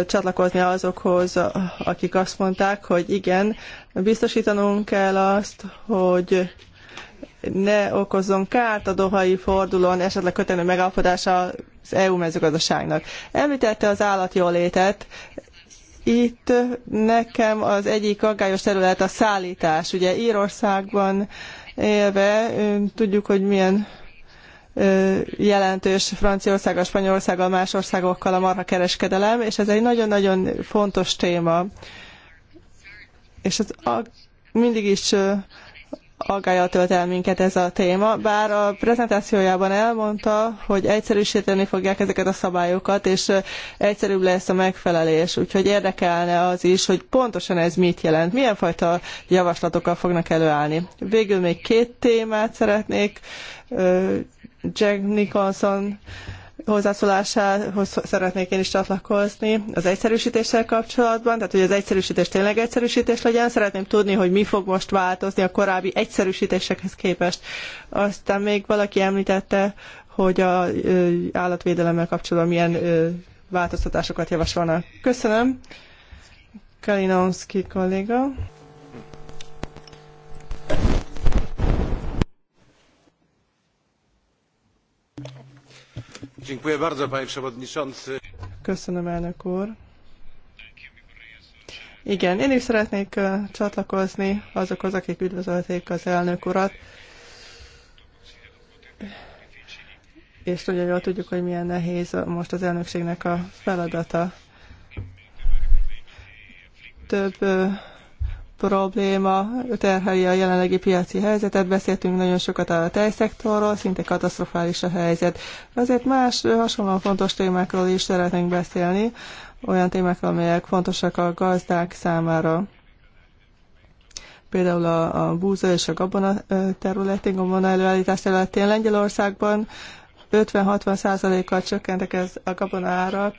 csatlakozni azokhoz, akik azt mondták, hogy igen, biztosítanunk kell azt, hogy ne okozzon kárt a dohai fordulón esetleg kötelő megállapodása az EU mezőgazdaságnak. Említette az állatjólétet, itt nekem az egyik aggályos terület a szállítás. Ugye Írországban élve tudjuk, hogy milyen jelentős Spanyolország, a más országokkal a marha kereskedelem, és ez egy nagyon-nagyon fontos téma. És az mindig is aggályal tölt el minket ez a téma, bár a prezentációjában elmondta, hogy egyszerűsíteni fogják ezeket a szabályokat, és egyszerűbb lesz a megfelelés, úgyhogy érdekelne az is, hogy pontosan ez mit jelent, milyen fajta javaslatokkal fognak előállni. Végül még két témát szeretnék. Jack Nicholson hozzászólásához szeretnék én is csatlakozni az egyszerűsítéssel kapcsolatban, tehát hogy az egyszerűsítés tényleg egyszerűsítés legyen. Szeretném tudni, hogy mi fog most változni a korábbi egyszerűsítésekhez képest. Aztán még valaki említette, hogy a állatvédelemmel kapcsolatban milyen változtatásokat javasolnak. Köszönöm. Kalinowski kolléga. Köszönöm, elnök úr. Igen, én is szeretnék csatlakozni azokhoz, akik üdvözölték az elnök urat. És nagyon jól tudjuk, hogy milyen nehéz most az elnökségnek a feladata. Több probléma terheli a jelenlegi piaci helyzetet. Beszéltünk nagyon sokat a tejszektorról, szinte katasztrofális a helyzet. Azért más hasonlóan fontos témákról is szeretnénk beszélni, olyan témákról, amelyek fontosak a gazdák számára. Például a, a búza és a gabona területén, gabona előállítás területén Lengyelországban 50-60 százalékkal csökkentek ez a gabona árak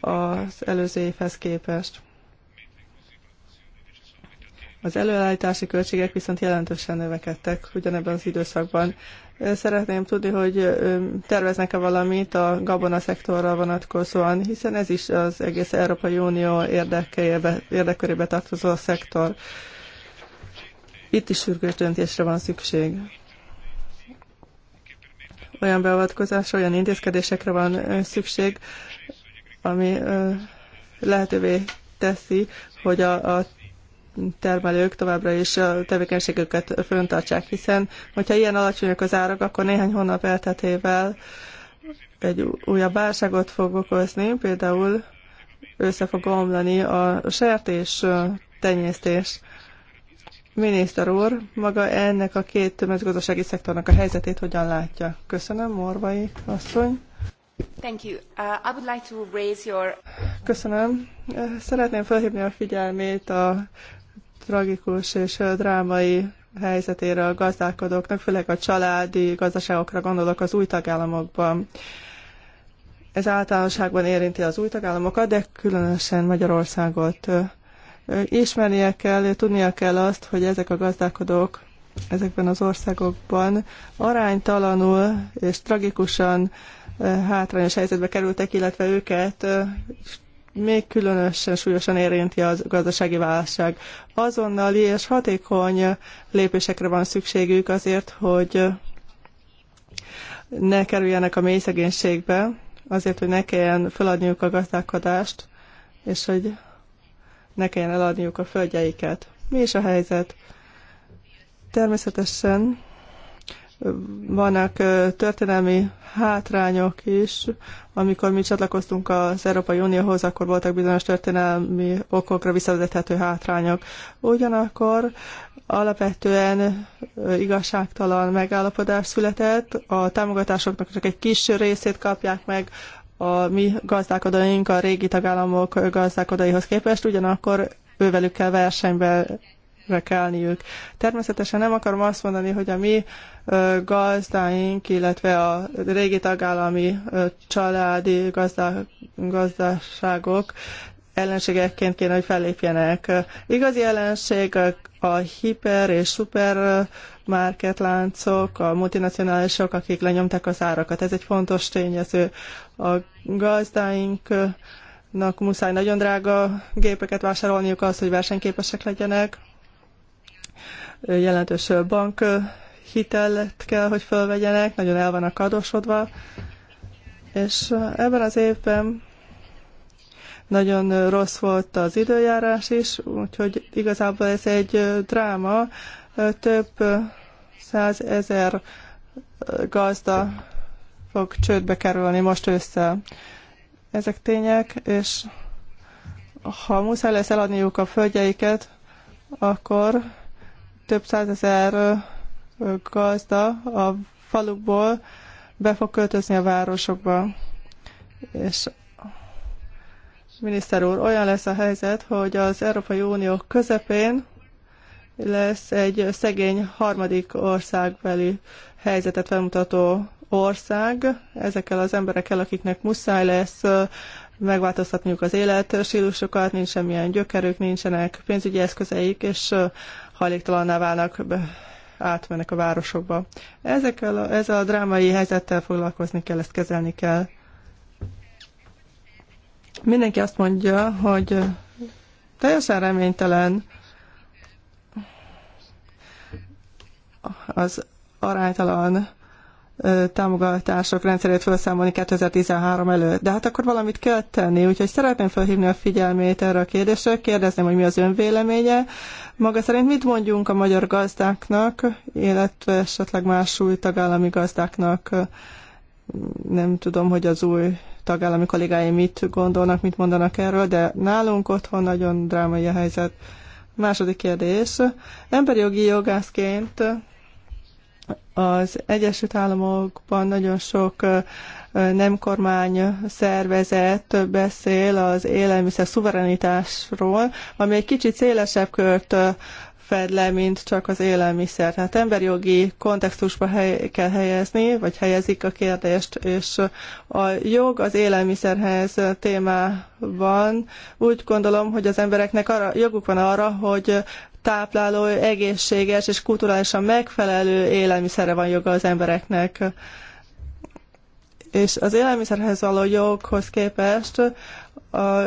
az előző évhez képest. Az előállítási költségek viszont jelentősen növekedtek ugyanebben az időszakban. Szeretném tudni, hogy terveznek-e valamit a gabona szektorra vonatkozóan, hiszen ez is az egész Európai Unió érdekébe, érdekkörébe tartozó a szektor. Itt is sürgős döntésre van szükség olyan beavatkozás, olyan intézkedésekre van szükség, ami lehetővé teszi, hogy a, a termelők továbbra is a tevékenységüket föntartsák, hiszen hogyha ilyen alacsonyak az árak, akkor néhány hónap elteltével egy újabb válságot fog okozni, például össze fog omlani a sertés tenyésztés. Miniszter úr, maga ennek a két mezőgazdasági szektornak a helyzetét hogyan látja? Köszönöm, Morvai asszony. Thank you. Uh, I would like to raise your... Köszönöm. Szeretném felhívni a figyelmét a tragikus és drámai helyzetére a gazdálkodóknak, főleg a családi gazdaságokra gondolok az új tagállamokban. Ez általánosságban érinti az új tagállamokat, de különösen Magyarországot. Ismernie kell, tudnia kell azt, hogy ezek a gazdálkodók ezekben az országokban aránytalanul és tragikusan hátrányos helyzetbe kerültek, illetve őket még különösen súlyosan érinti a gazdasági válság. Azonnali és hatékony lépésekre van szükségük azért, hogy ne kerüljenek a mély szegénységbe, azért, hogy ne kelljen feladniuk a gazdálkodást, és hogy ne kelljen eladniuk a földjeiket. Mi is a helyzet? Természetesen vannak történelmi hátrányok is. Amikor mi csatlakoztunk az Európai Unióhoz, akkor voltak bizonyos történelmi okokra visszavezethető hátrányok. Ugyanakkor alapvetően igazságtalan megállapodás született, a támogatásoknak csak egy kis részét kapják meg, a mi gazdálkodóink a régi tagállamok gazdálkodaihoz képest, ugyanakkor ővelük kell versenybe állniuk. Természetesen nem akarom azt mondani, hogy a mi gazdáink, illetve a régi tagállami családi gazda, gazdaságok ellenségekként kéne, hogy fellépjenek. Igazi ellenség a hiper és szuper marketláncok, a multinacionálisok, akik lenyomták az árakat. Ez egy fontos tényező. A gazdáinknak muszáj nagyon drága gépeket vásárolniuk az, hogy versenyképesek legyenek jelentős bank hitelt kell, hogy fölvegyenek, nagyon el vannak adósodva, és ebben az évben nagyon rossz volt az időjárás is, úgyhogy igazából ez egy dráma. Több százezer gazda fog csődbe kerülni most össze. Ezek tények, és ha muszáj lesz eladniuk a földjeiket, akkor több százezer gazda a falukból be fog költözni a városokba. És miniszter úr, olyan lesz a helyzet, hogy az Európai Unió közepén lesz egy szegény harmadik országbeli helyzetet felmutató ország ezekkel az emberekkel, akiknek muszáj lesz megváltoztatniuk az élet sílusokat, nincs semmilyen gyökerük, nincsenek pénzügyi eszközeik, és hajléktalanná válnak, átmennek a városokba. Ezekkel a, ezzel a drámai helyzettel foglalkozni kell, ezt kezelni kell. Mindenki azt mondja, hogy teljesen reménytelen az aránytalan támogatások rendszerét felszámolni 2013 előtt. De hát akkor valamit kell tenni, úgyhogy szeretném felhívni a figyelmét erre a kérdésre, kérdezném, hogy mi az ön véleménye. Maga szerint mit mondjunk a magyar gazdáknak, illetve esetleg más új tagállami gazdáknak? Nem tudom, hogy az új tagállami kollégáim mit gondolnak, mit mondanak erről, de nálunk otthon nagyon drámai a helyzet. Második kérdés. Emberi jogi jogászként az Egyesült Államokban nagyon sok nem kormány szervezet beszél az élelmiszer szuverenitásról, ami egy kicsit szélesebb kört fed le, mint csak az élelmiszer. Tehát emberjogi kontextusba hely, kell helyezni, vagy helyezik a kérdést, és a jog az élelmiszerhez témában úgy gondolom, hogy az embereknek arra, joguk van arra, hogy tápláló, egészséges és kulturálisan megfelelő élelmiszerre van joga az embereknek. És az élelmiszerhez való joghoz képest a,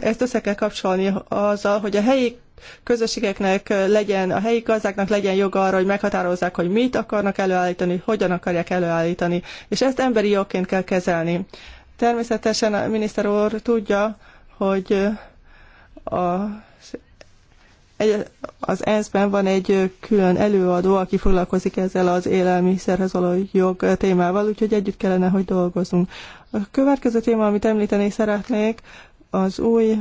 ezt össze kell kapcsolni azzal, hogy a helyi közösségeknek legyen, a helyi gazdáknak legyen joga arra, hogy meghatározzák, hogy mit akarnak előállítani, hogyan akarják előállítani, és ezt emberi jogként kell kezelni. Természetesen a miniszter úr tudja, hogy a egy, az ENSZ-ben van egy külön előadó, aki foglalkozik ezzel az élelmiszerhez való jog témával, úgyhogy együtt kellene, hogy dolgozunk. A következő téma, amit említeni szeretnék, az új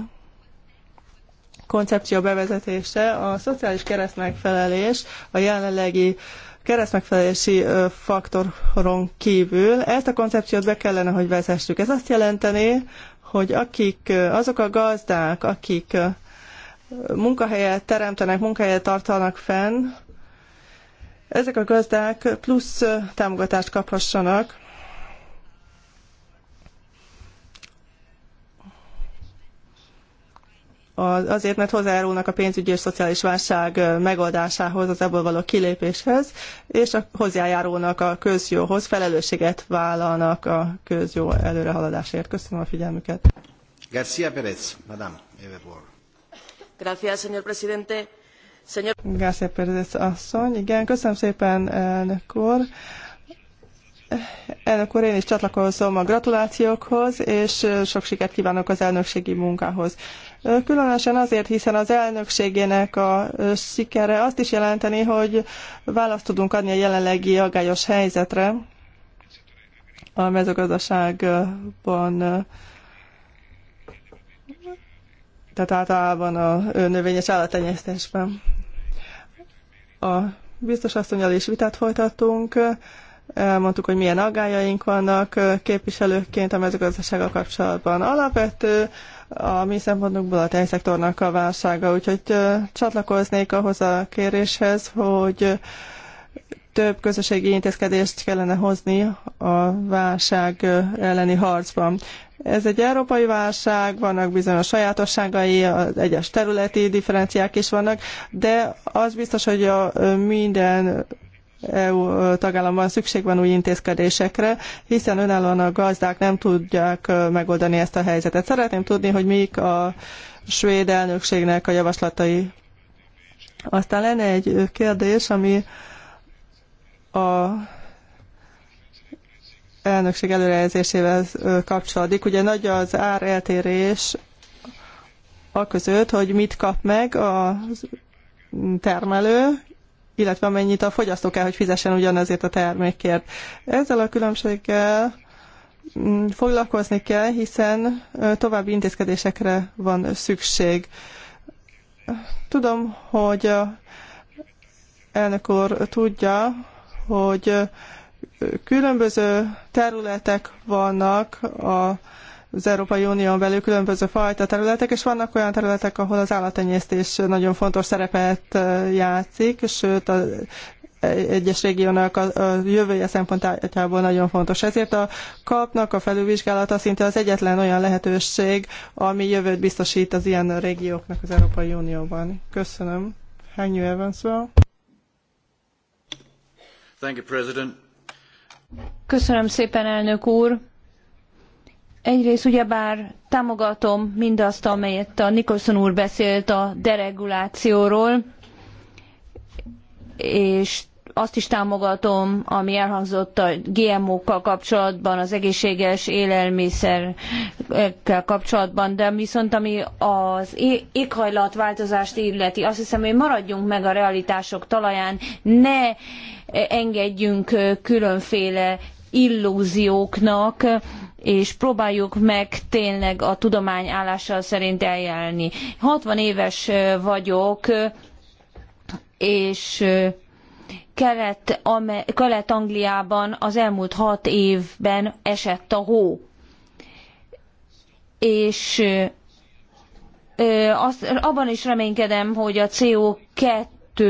koncepció bevezetése, a szociális keresztmegfelelés, a jelenlegi keresztmegfelelési faktoron kívül. Ezt a koncepciót be kellene, hogy vezessük. Ez azt jelenteni, hogy akik, azok a gazdák, akik munkahelyet teremtenek, munkahelyet tartanak fenn, ezek a gazdák plusz támogatást kaphassanak. azért, mert hozzájárulnak a pénzügyi és szociális válság megoldásához, az ebből való kilépéshez, és a, hozzájárulnak a közjóhoz, felelősséget vállalnak a közjó előrehaladásért. Köszönöm a figyelmüket. Garcia Perez, Madame señor presidente. Señor... Gracias, Pérez asszony. Igen, köszönöm szépen, elnök úr. Elnök úr, én is csatlakozom a gratulációkhoz, és sok sikert kívánok az elnökségi munkához. Különösen azért, hiszen az elnökségének a sikere azt is jelenteni, hogy választ tudunk adni a jelenlegi aggályos helyzetre a mezőgazdaságban tehát általában a növényes állattenyésztésben. A biztos asszonyal is vitát folytattunk, elmondtuk, hogy milyen aggájaink vannak képviselőként a mezőgazdasággal kapcsolatban. Alapvető a mi szempontunkból a tejszektornak a válsága, úgyhogy csatlakoznék ahhoz a kéréshez, hogy több közösségi intézkedést kellene hozni a válság elleni harcban. Ez egy európai válság, vannak bizonyos sajátosságai, az egyes területi differenciák is vannak, de az biztos, hogy a minden EU tagállamban szükség van új intézkedésekre, hiszen önállóan a gazdák nem tudják megoldani ezt a helyzetet. Szeretném tudni, hogy mik a svéd elnökségnek a javaslatai. Aztán lenne egy kérdés, ami a elnökség előrejelzésével kapcsolódik. Ugye nagy az eltérés a között, hogy mit kap meg a termelő, illetve mennyit a fogyasztó kell, hogy fizessen ugyanazért a termékért. Ezzel a különbséggel mm, foglalkozni kell, hiszen további intézkedésekre van szükség. Tudom, hogy elnök úr tudja, hogy különböző területek vannak a az Európai Unión belül különböző fajta területek, és vannak olyan területek, ahol az állattenyésztés nagyon fontos szerepet játszik, sőt a egyes régiónak a, jövője szempontjából nagyon fontos. Ezért a kapnak a felülvizsgálata szinte az egyetlen olyan lehetőség, ami jövőt biztosít az ilyen régióknak az Európai Unióban. Köszönöm. Hányú Evansville. Thank you, President. Köszönöm szépen, elnök úr. Egyrészt ugyebár támogatom mindazt, amelyet a Nicholson úr beszélt a deregulációról, és azt is támogatom, ami elhangzott a GMO-kkal kapcsolatban, az egészséges élelmiszerekkel kapcsolatban, de viszont ami az éghajlatváltozást illeti, azt hiszem, hogy maradjunk meg a realitások talaján, ne engedjünk különféle illúzióknak, és próbáljuk meg tényleg a tudomány állása szerint eljárni. 60 éves vagyok, és Kelet-Angliában az elmúlt hat évben esett a hó. És azt, abban is reménykedem, hogy a CO2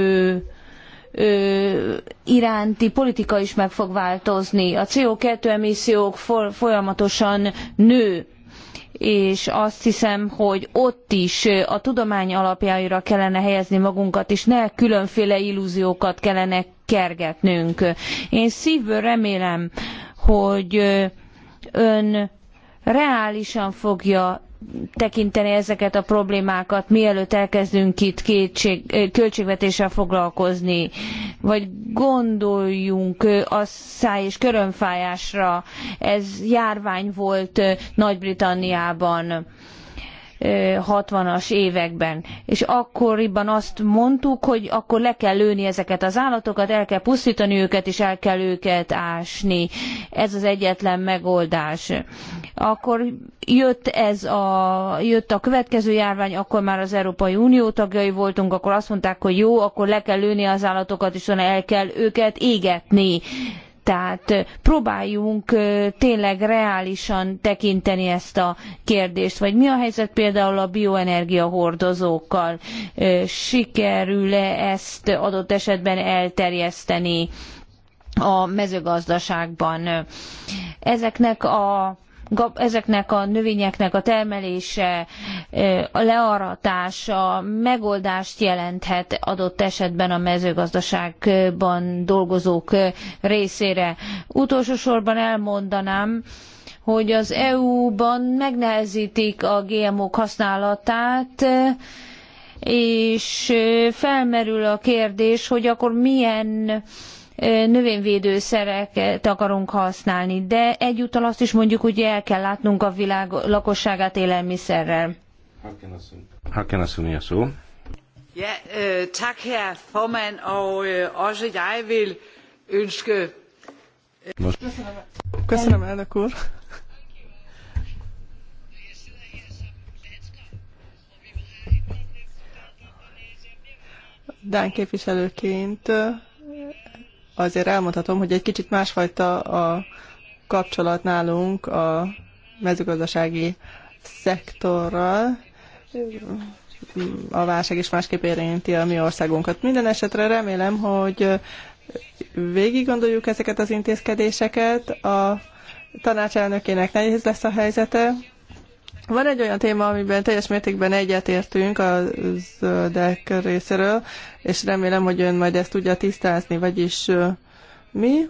iránti politika is meg fog változni. A CO2 emissziók folyamatosan nő és azt hiszem, hogy ott is a tudomány alapjaira kellene helyezni magunkat, és ne különféle illúziókat kellene kergetnünk. Én szívből remélem, hogy ön reálisan fogja tekinteni ezeket a problémákat, mielőtt elkezdünk itt kétség, költségvetéssel foglalkozni, vagy gondoljunk a száj és körönfájásra, ez járvány volt Nagy-Britanniában 60-as években. És akkoriban azt mondtuk, hogy akkor le kell lőni ezeket az állatokat, el kell pusztítani őket, és el kell őket ásni. Ez az egyetlen megoldás. Akkor jött ez a, jött a következő járvány, akkor már az Európai Unió tagjai voltunk, akkor azt mondták, hogy jó, akkor le kell lőni az állatokat, és el kell őket égetni tehát próbáljunk tényleg reálisan tekinteni ezt a kérdést, vagy mi a helyzet például a bioenergia hordozókkal? Sikerül-e ezt adott esetben elterjeszteni a mezőgazdaságban? Ezeknek a ezeknek a növényeknek a termelése, a learatása megoldást jelenthet adott esetben a mezőgazdaságban dolgozók részére. Utolsó sorban elmondanám, hogy az EU-ban megnehezítik a GMO-k használatát, és felmerül a kérdés, hogy akkor milyen növényvédőszereket akarunk használni, de egyúttal azt is mondjuk, hogy el kell látnunk a világ lakosságát élelmiszerrel. Hakken asszony a szó. Ja, tak her formand, og også jeg vil ønske... Köszönöm, elnök úr. Dán képviselőként azért elmondhatom, hogy egy kicsit másfajta a kapcsolat nálunk a mezőgazdasági szektorral. A válság is másképp érinti a mi országunkat. Minden esetre remélem, hogy végig gondoljuk ezeket az intézkedéseket. A tanácselnökének nehéz lesz a helyzete, van egy olyan téma, amiben teljes mértékben egyetértünk a zöldek részéről, és remélem, hogy ön majd ezt tudja tisztázni, vagyis mi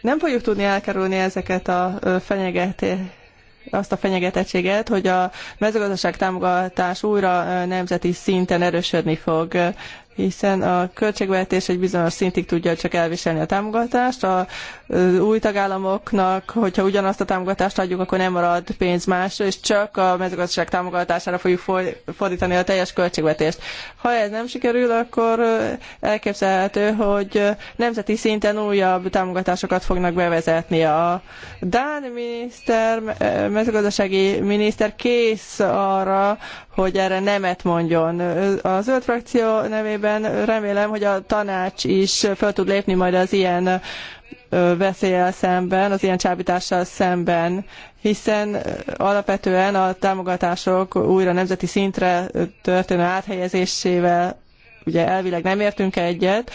nem fogjuk tudni elkerülni ezeket a fenyegetéseket, azt a fenyegetettséget, hogy a mezőgazdaság támogatás újra nemzeti szinten erősödni fog hiszen a költségvetés egy bizonyos szintig tudja csak elviselni a támogatást. A új tagállamoknak, hogyha ugyanazt a támogatást adjuk, akkor nem marad pénz másra, és csak a mezőgazdaság támogatására fogjuk fordítani a teljes költségvetést. Ha ez nem sikerül, akkor elképzelhető, hogy nemzeti szinten újabb támogatásokat fognak bevezetni. A Dán miniszter, mezőgazdasági miniszter kész arra, hogy erre nemet mondjon. A zöld frakció nevében remélem, hogy a tanács is föl tud lépni majd az ilyen veszéllyel szemben, az ilyen csábítással szemben, hiszen alapvetően a támogatások újra nemzeti szintre történő áthelyezésével ugye elvileg nem értünk egyet,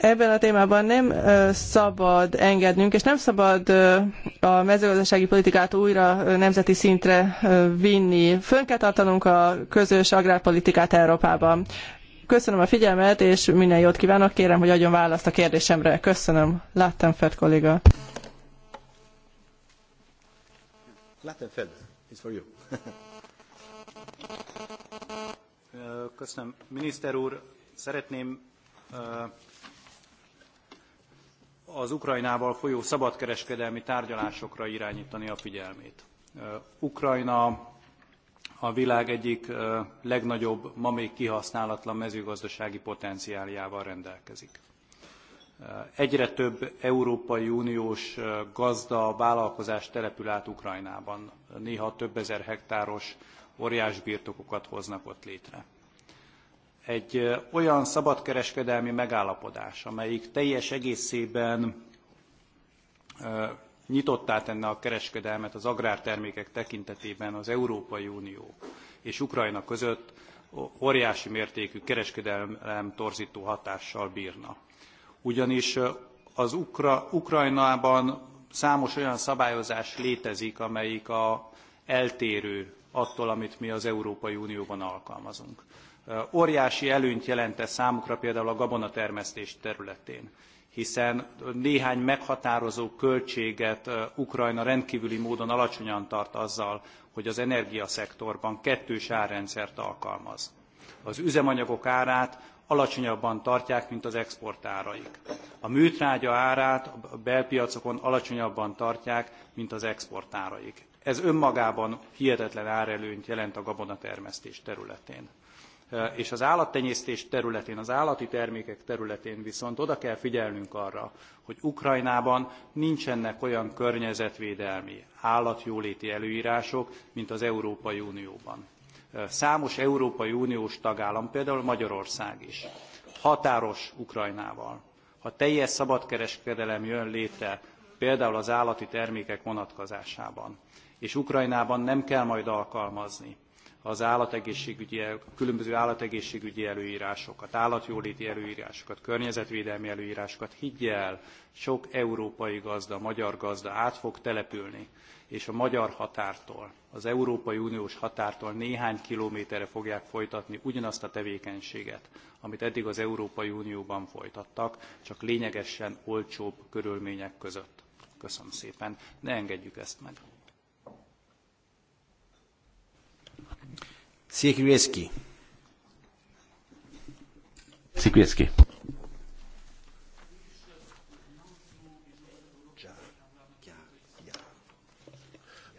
Ebben a témában nem szabad engednünk, és nem szabad a mezőgazdasági politikát újra nemzeti szintre vinni. Fönn kell tartanunk a közös agrárpolitikát Európában. Köszönöm a figyelmet, és minden jót kívánok. Kérem, hogy adjon választ a kérdésemre. Köszönöm. Láttam Fed kolléga. Lattenfeld, it's for you. Köszönöm. Miniszter úr, szeretném az Ukrajnával folyó szabadkereskedelmi tárgyalásokra irányítani a figyelmét. Ukrajna a világ egyik legnagyobb, ma még kihasználatlan mezőgazdasági potenciáljával rendelkezik. Egyre több Európai Uniós gazda vállalkozás települ át Ukrajnában. Néha több ezer hektáros óriás birtokokat hoznak ott létre egy olyan szabadkereskedelmi megállapodás, amelyik teljes egészében nyitottá tenne a kereskedelmet az agrártermékek tekintetében az Európai Unió és Ukrajna között, óriási mértékű kereskedelem torzító hatással bírna. Ugyanis az Ukra Ukrajnában számos olyan szabályozás létezik, amelyik a eltérő attól, amit mi az Európai Unióban alkalmazunk óriási előnyt jelent ez számukra például a gabonatermesztés területén hiszen néhány meghatározó költséget Ukrajna rendkívüli módon alacsonyan tart azzal, hogy az energiaszektorban kettős árrendszert alkalmaz. Az üzemanyagok árát alacsonyabban tartják, mint az exportáraik. A műtrágya árát a belpiacokon alacsonyabban tartják, mint az exportáraik. Ez önmagában hihetetlen árelőnyt jelent a gabonatermesztés területén. Eh, és az állattenyésztés területén, az állati termékek területén viszont oda kell figyelnünk arra, hogy Ukrajnában nincsenek olyan környezetvédelmi, állatjóléti előírások, mint az Európai Unióban. Eh, számos Európai Uniós tagállam, például Magyarország is, határos Ukrajnával. Ha teljes szabadkereskedelem jön létre, például az állati termékek vonatkozásában, és Ukrajnában nem kell majd alkalmazni az állategészségügyi, különböző állategészségügyi előírásokat, állatjóléti előírásokat, környezetvédelmi előírásokat. Higgyel, sok európai gazda, magyar gazda át fog települni, és a magyar határtól, az Európai Uniós határtól néhány kilométerre fogják folytatni ugyanazt a tevékenységet, amit eddig az Európai Unióban folytattak, csak lényegesen olcsóbb körülmények között. Köszönöm szépen, ne engedjük ezt meg. W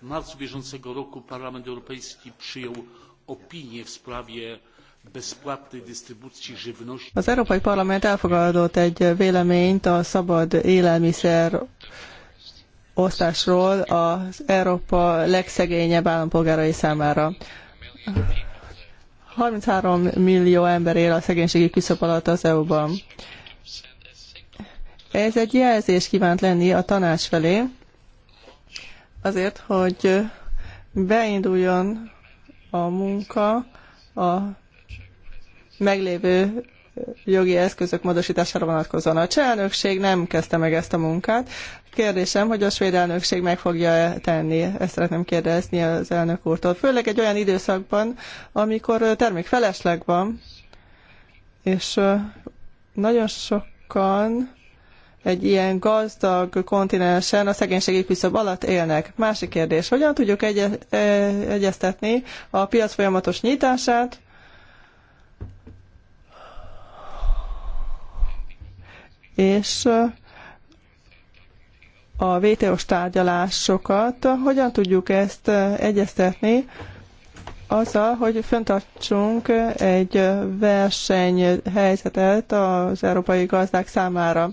marcu bieżącego roku Parlament Europejski przyjął opinię w sprawie az Európai Parlament elfogadott egy véleményt a szabad élelmiszer osztásról az Európa legszegényebb állampolgárai számára. 33 millió ember él a szegénységi küszöb alatt az EU-ban. Ez egy jelzés kívánt lenni a tanács felé, azért, hogy beinduljon a munka a meglévő jogi eszközök módosítására vonatkozóan. A cseh elnökség nem kezdte meg ezt a munkát, kérdésem, hogy a svéd elnökség meg fogja -e tenni. Ezt szeretném kérdezni az elnök úrtól. Főleg egy olyan időszakban, amikor termék felesleg van, és nagyon sokan egy ilyen gazdag kontinensen a szegénységi küszöb alatt élnek. Másik kérdés, hogyan tudjuk e, egyeztetni a piac folyamatos nyitását, és a VTO-s tárgyalásokat, hogyan tudjuk ezt eh, egyeztetni azzal, hogy fenntartsunk egy versenyhelyzetet az európai gazdák számára.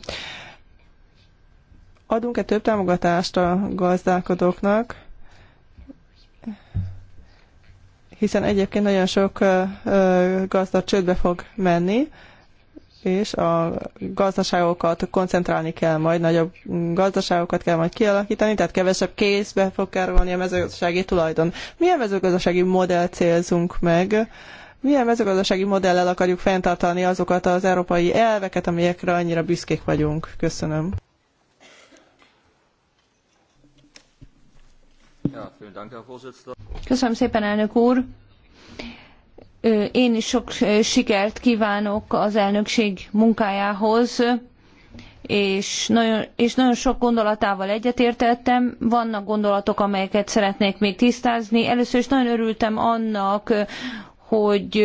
Adunk-e több támogatást a gazdálkodóknak? Hiszen egyébként nagyon sok eh, eh, gazda csődbe fog menni, és a gazdaságokat koncentrálni kell majd, nagyobb gazdaságokat kell majd kialakítani, tehát kevesebb kézbe fog kerülni a mezőgazdasági tulajdon. Milyen mezőgazdasági modell célzunk meg? Milyen mezőgazdasági modellel akarjuk fenntartani azokat az európai elveket, amelyekre annyira büszkék vagyunk? Köszönöm. Köszönöm szépen, elnök úr! Én is sok sikert kívánok az elnökség munkájához, és nagyon, és nagyon sok gondolatával egyetértettem. Vannak gondolatok, amelyeket szeretnék még tisztázni. Először is nagyon örültem annak, hogy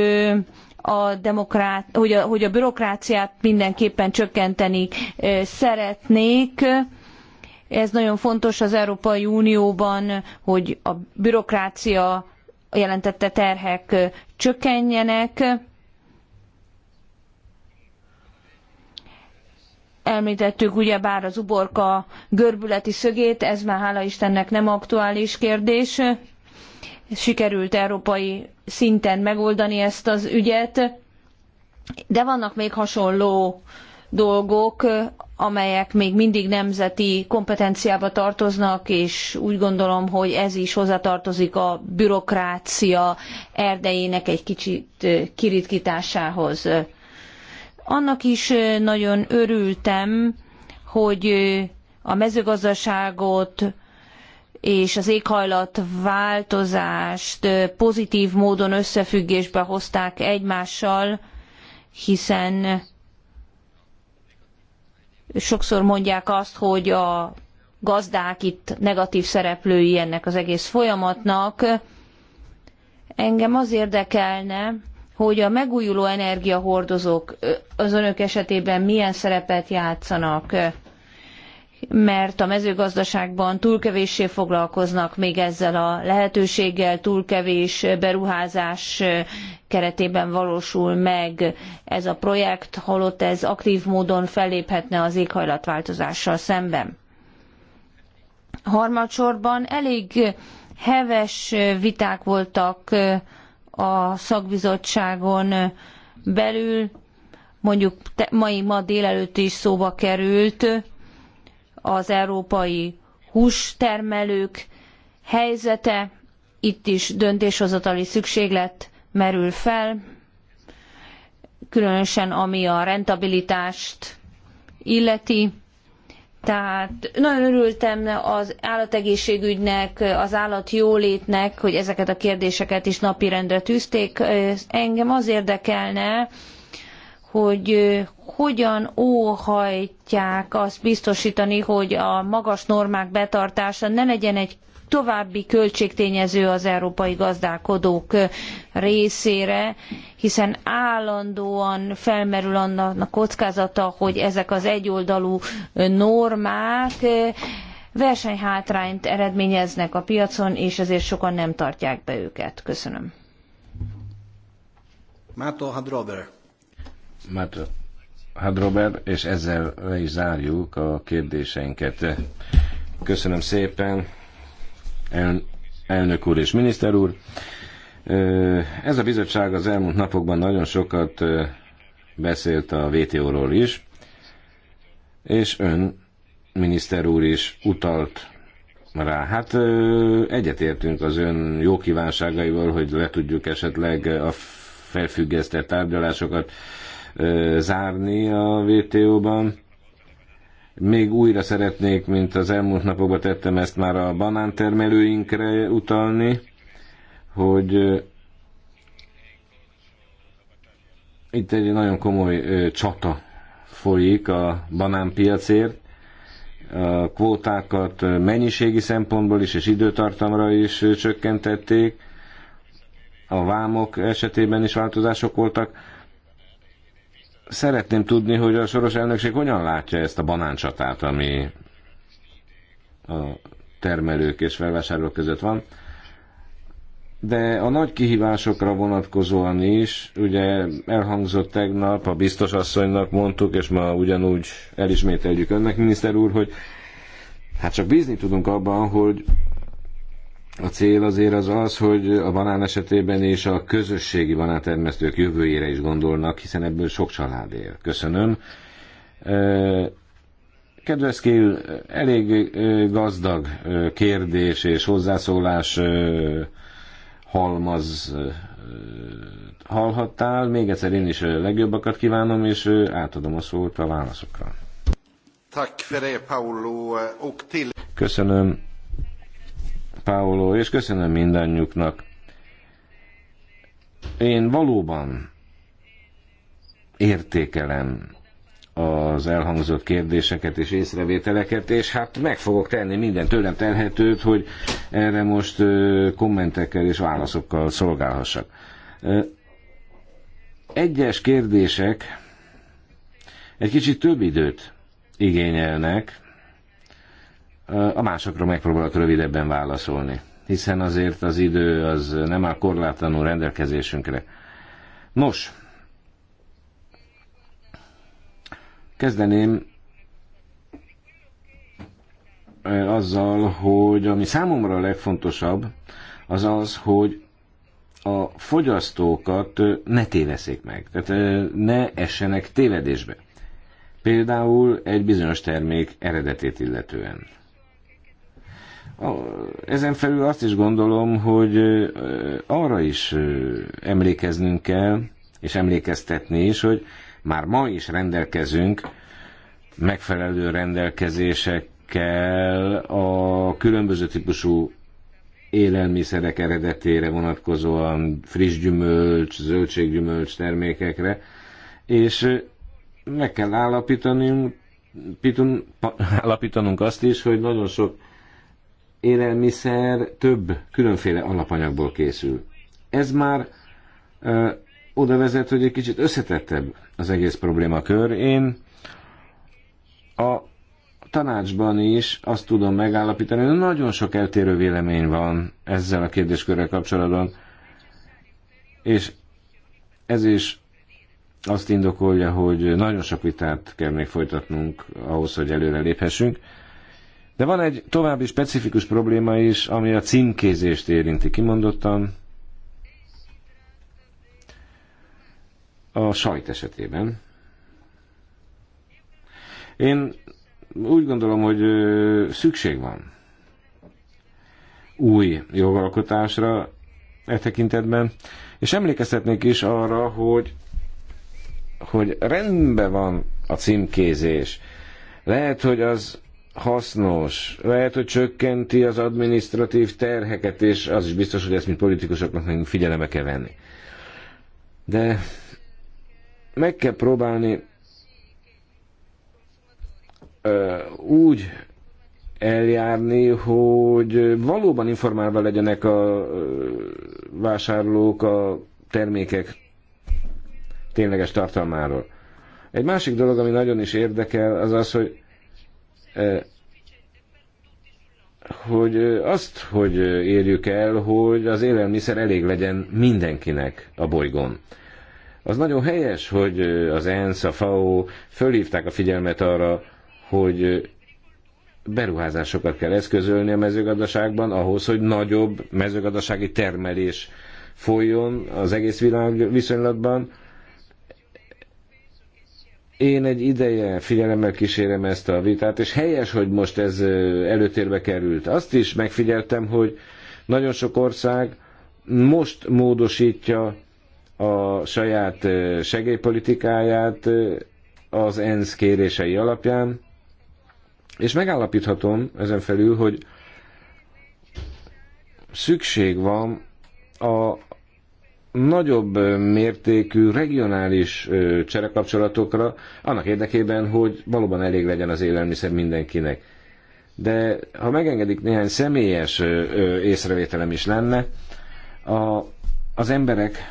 a demokrát, hogy a, hogy a bürokráciát mindenképpen csökkenteni szeretnék. Ez nagyon fontos az Európai Unióban, hogy a bürokrácia jelentette terhek csökkenjenek. Említettük ugyebár az uborka görbületi szögét, ez már hála Istennek nem aktuális kérdés. Sikerült európai szinten megoldani ezt az ügyet, de vannak még hasonló dolgok, amelyek még mindig nemzeti kompetenciába tartoznak, és úgy gondolom, hogy ez is hozzátartozik a bürokrácia erdejének egy kicsit kiritkításához. Annak is nagyon örültem, hogy a mezőgazdaságot és az éghajlatváltozást pozitív módon összefüggésbe hozták egymással, hiszen sokszor mondják azt, hogy a gazdák itt negatív szereplői ennek az egész folyamatnak. Engem az érdekelne, hogy a megújuló energiahordozók az önök esetében milyen szerepet játszanak mert a mezőgazdaságban túl kevéssé foglalkoznak még ezzel a lehetőséggel, túl kevés beruházás keretében valósul meg ez a projekt, holott ez aktív módon felléphetne az éghajlatváltozással szemben. Harmadsorban elég heves viták voltak a szakbizottságon belül, mondjuk mai ma délelőtt is szóba került, az európai hústermelők helyzete, itt is döntéshozatali szükséglet merül fel, különösen ami a rentabilitást illeti. Tehát nagyon örültem az állategészségügynek, az állatjólétnek, hogy ezeket a kérdéseket is napirendre tűzték. Engem az érdekelne, hogy hogyan óhajtják azt biztosítani, hogy a magas normák betartása ne legyen egy további költségtényező az európai gazdálkodók részére, hiszen állandóan felmerül annak a kockázata, hogy ezek az egyoldalú normák versenyhátrányt eredményeznek a piacon, és ezért sokan nem tartják be őket. Köszönöm. Mátó Hadrober. Mátha Hadrober, és ezzel le is zárjuk a kérdéseinket. Köszönöm szépen, el, elnök úr és miniszter úr. Ez a bizottság az elmúlt napokban nagyon sokat beszélt a VTO-ról is, és ön, miniszter úr is utalt rá. Hát egyetértünk az ön jó kívánságaival, hogy le tudjuk esetleg a felfüggesztett tárgyalásokat zárni a vto ban Még újra szeretnék, mint az elmúlt napokban tettem ezt már a banántermelőinkre utalni, hogy itt egy nagyon komoly ö, csata folyik a banánpiacért, a kvótákat mennyiségi szempontból is és időtartamra is csökkentették, a vámok esetében is változások voltak. Szeretném tudni, hogy a soros elnökség hogyan látja ezt a banáncsatát, ami a termelők és felvásárlók között van. De a nagy kihívásokra vonatkozóan is, ugye elhangzott tegnap, a biztos asszonynak mondtuk, és ma ugyanúgy elismételjük önnek, miniszter úr, hogy hát csak bízni tudunk abban, hogy a cél azért az az, hogy a banán esetében és a közösségi banántermesztők jövőjére is gondolnak, hiszen ebből sok család él. Köszönöm. Kedves Kél, elég gazdag kérdés és hozzászólás halmaz hallhattál. Még egyszer én is legjobbakat kívánom, és átadom a szót a válaszokra. Köszönöm. Paolo, és köszönöm mindannyiuknak. Én valóban értékelem az elhangzott kérdéseket és észrevételeket, és hát meg fogok tenni minden tőlem telhetőt, hogy erre most kommentekkel és válaszokkal szolgálhassak. Egyes kérdések egy kicsit több időt igényelnek, a másokra megpróbálok rövidebben válaszolni, hiszen azért az idő az nem áll korlátlanul rendelkezésünkre. Nos, kezdeném azzal, hogy ami számomra a legfontosabb, az az, hogy a fogyasztókat ne téveszék meg, tehát ne essenek tévedésbe. Például egy bizonyos termék eredetét illetően. Ezen felül azt is gondolom, hogy arra is emlékeznünk kell, és emlékeztetni is, hogy már ma is rendelkezünk megfelelő rendelkezésekkel a különböző típusú élelmiszerek eredetére vonatkozóan friss gyümölcs, zöldséggyümölcs termékekre, és meg kell állapítanunk, pitun, [laughs] állapítanunk azt is, hogy nagyon sok élelmiszer több különféle alapanyagból készül. Ez már ö, oda vezet, hogy egy kicsit összetettebb az egész problémakör. Én a tanácsban is azt tudom megállapítani, hogy nagyon sok eltérő vélemény van ezzel a kérdéskörrel kapcsolatban, és ez is azt indokolja, hogy nagyon sok vitát kell még folytatnunk ahhoz, hogy előre léphessünk. De van egy további specifikus probléma is, ami a címkézést érinti kimondottan. A sajt esetében. Én úgy gondolom, hogy szükség van új jogalkotásra e tekintetben, és emlékeztetnék is arra, hogy, hogy rendben van a címkézés. Lehet, hogy az hasznos. Lehet, hogy csökkenti az administratív terheket, és az is biztos, hogy ezt mint politikusoknak nekünk figyelembe kell venni. De meg kell próbálni ö, úgy eljárni, hogy valóban informálva legyenek a vásárlók a termékek tényleges tartalmáról. Egy másik dolog, ami nagyon is érdekel, az az, hogy hogy azt, hogy érjük el, hogy az élelmiszer elég legyen mindenkinek a bolygón. Az nagyon helyes, hogy az ENSZ, a FAO fölhívták a figyelmet arra, hogy beruházásokat kell eszközölni a mezőgazdaságban ahhoz, hogy nagyobb mezőgazdasági termelés folyjon az egész világ viszonylatban, én egy ideje figyelemmel kísérem ezt a vitát, és helyes, hogy most ez előtérbe került. Azt is megfigyeltem, hogy nagyon sok ország most módosítja a saját segélypolitikáját az ENSZ kérései alapján, és megállapíthatom ezen felül, hogy szükség van a nagyobb mértékű regionális cserekapcsolatokra, annak érdekében, hogy valóban elég legyen az élelmiszer mindenkinek. De ha megengedik, néhány személyes észrevételem is lenne, a, az embereknek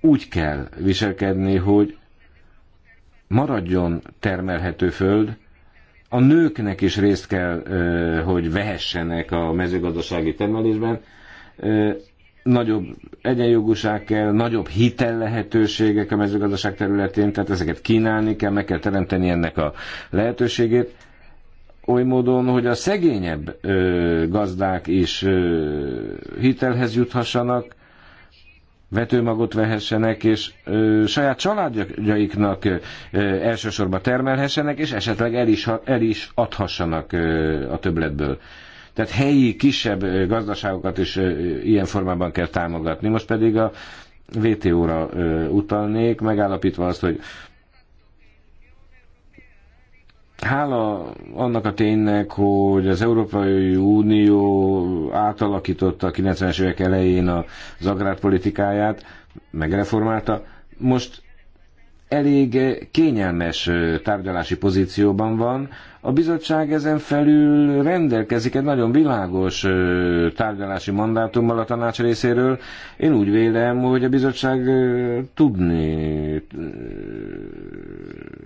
úgy kell viselkedni, hogy maradjon termelhető föld, a nőknek is részt kell, hogy vehessenek a mezőgazdasági termelésben, nagyobb egyenjogúság kell, nagyobb hitel lehetőségek a mezőgazdaság területén, tehát ezeket kínálni kell, meg kell teremteni ennek a lehetőségét oly módon, hogy a szegényebb ö, gazdák is ö, hitelhez juthassanak, vetőmagot vehessenek, és ö, saját családjaiknak ö, elsősorban termelhessenek, és esetleg el is, el is adhassanak ö, a többletből. Tehát helyi, kisebb gazdaságokat is ilyen formában kell támogatni. Most pedig a VTO-ra utalnék, megállapítva azt, hogy Hála annak a ténynek, hogy az Európai Unió átalakította a 90-es évek elején az agrárpolitikáját, megreformálta, most elég kényelmes tárgyalási pozícióban van, a bizottság ezen felül rendelkezik egy nagyon világos tárgyalási mandátummal a tanács részéről. Én úgy vélem, hogy a bizottság tudni,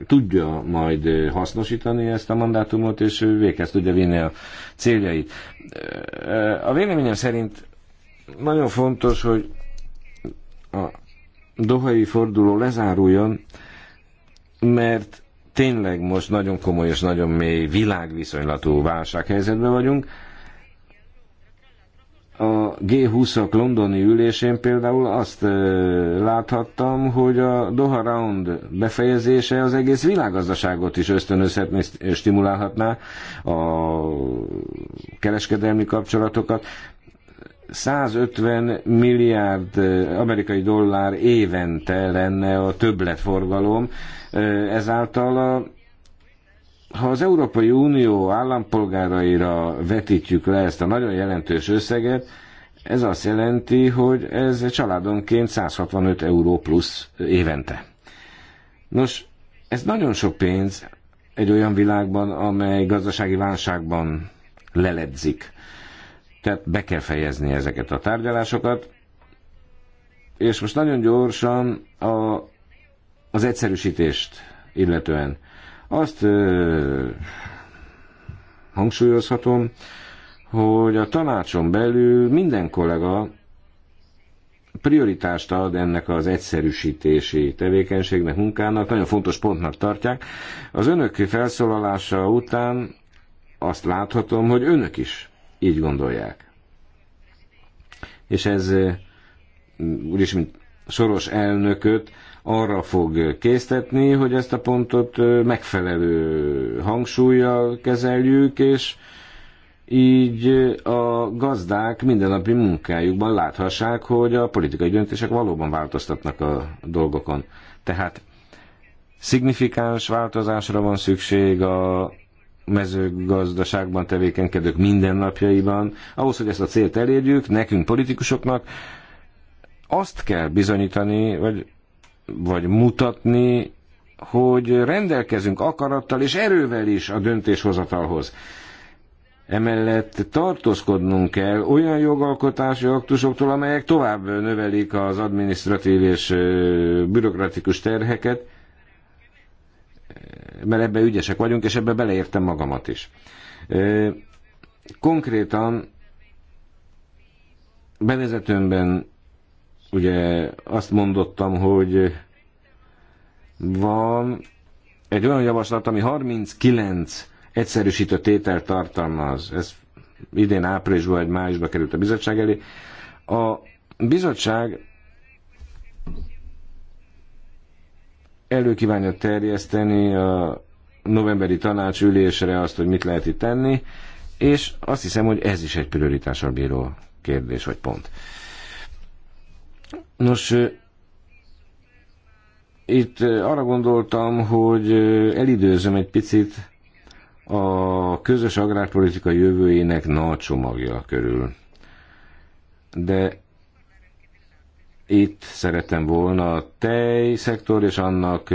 tudja majd hasznosítani ezt a mandátumot, és véghez tudja vinni a céljait. A véleményem szerint nagyon fontos, hogy a dohai forduló lezáruljon, mert tényleg most nagyon komoly és nagyon mély világviszonylatú válsághelyzetben vagyunk. A g 20 ak londoni ülésén például azt láthattam, hogy a Doha Round befejezése az egész világgazdaságot is ösztönözhetné, stimulálhatná a kereskedelmi kapcsolatokat. 150 milliárd amerikai dollár évente lenne a többletforgalom, ezáltal a ha az Európai Unió állampolgáraira vetítjük le ezt a nagyon jelentős összeget, ez azt jelenti, hogy ez családonként 165 euró plusz évente. Nos, ez nagyon sok pénz egy olyan világban, amely gazdasági válságban leledzik. Tehát be kell fejezni ezeket a tárgyalásokat. És most nagyon gyorsan a, az egyszerűsítést illetően. Azt ö, hangsúlyozhatom, hogy a tanácson belül minden kollega prioritást ad ennek az egyszerűsítési tevékenységnek, munkának, nagyon fontos pontnak tartják. Az önök felszólalása után azt láthatom, hogy önök is így gondolják. És ez eh, úgyis, mint soros elnököt arra fog késztetni, hogy ezt a pontot eh, megfelelő hangsúlyjal kezeljük, és így eh, a gazdák mindennapi munkájukban láthassák, hogy a politikai döntések valóban változtatnak a dolgokon. Tehát szignifikáns változásra van szükség a mezőgazdaságban tevékenykedők mindennapjaiban, ahhoz, hogy ezt a célt elérjük, nekünk politikusoknak azt kell bizonyítani, vagy, vagy mutatni, hogy rendelkezünk akarattal és erővel is a döntéshozatalhoz. Emellett tartózkodnunk kell olyan jogalkotási aktusoktól, amelyek tovább növelik az administratív és bürokratikus terheket, mert ebbe ügyesek vagyunk, és ebbe beleértem magamat is. Konkrétan bevezetőmben ugye azt mondottam, hogy van egy olyan javaslat, ami 39 egyszerűsített tételt tartalmaz. Ez idén áprilisban vagy májusban került a bizottság elé. A bizottság elő kívánja terjeszteni a novemberi tanácsülésre azt, hogy mit lehet itt tenni, és azt hiszem, hogy ez is egy prioritással bíró kérdés vagy pont. Nos, itt arra gondoltam, hogy elidőzöm egy picit a közös agrárpolitika jövőjének nagy csomagja körül. De itt szeretem volna a tejszektor és annak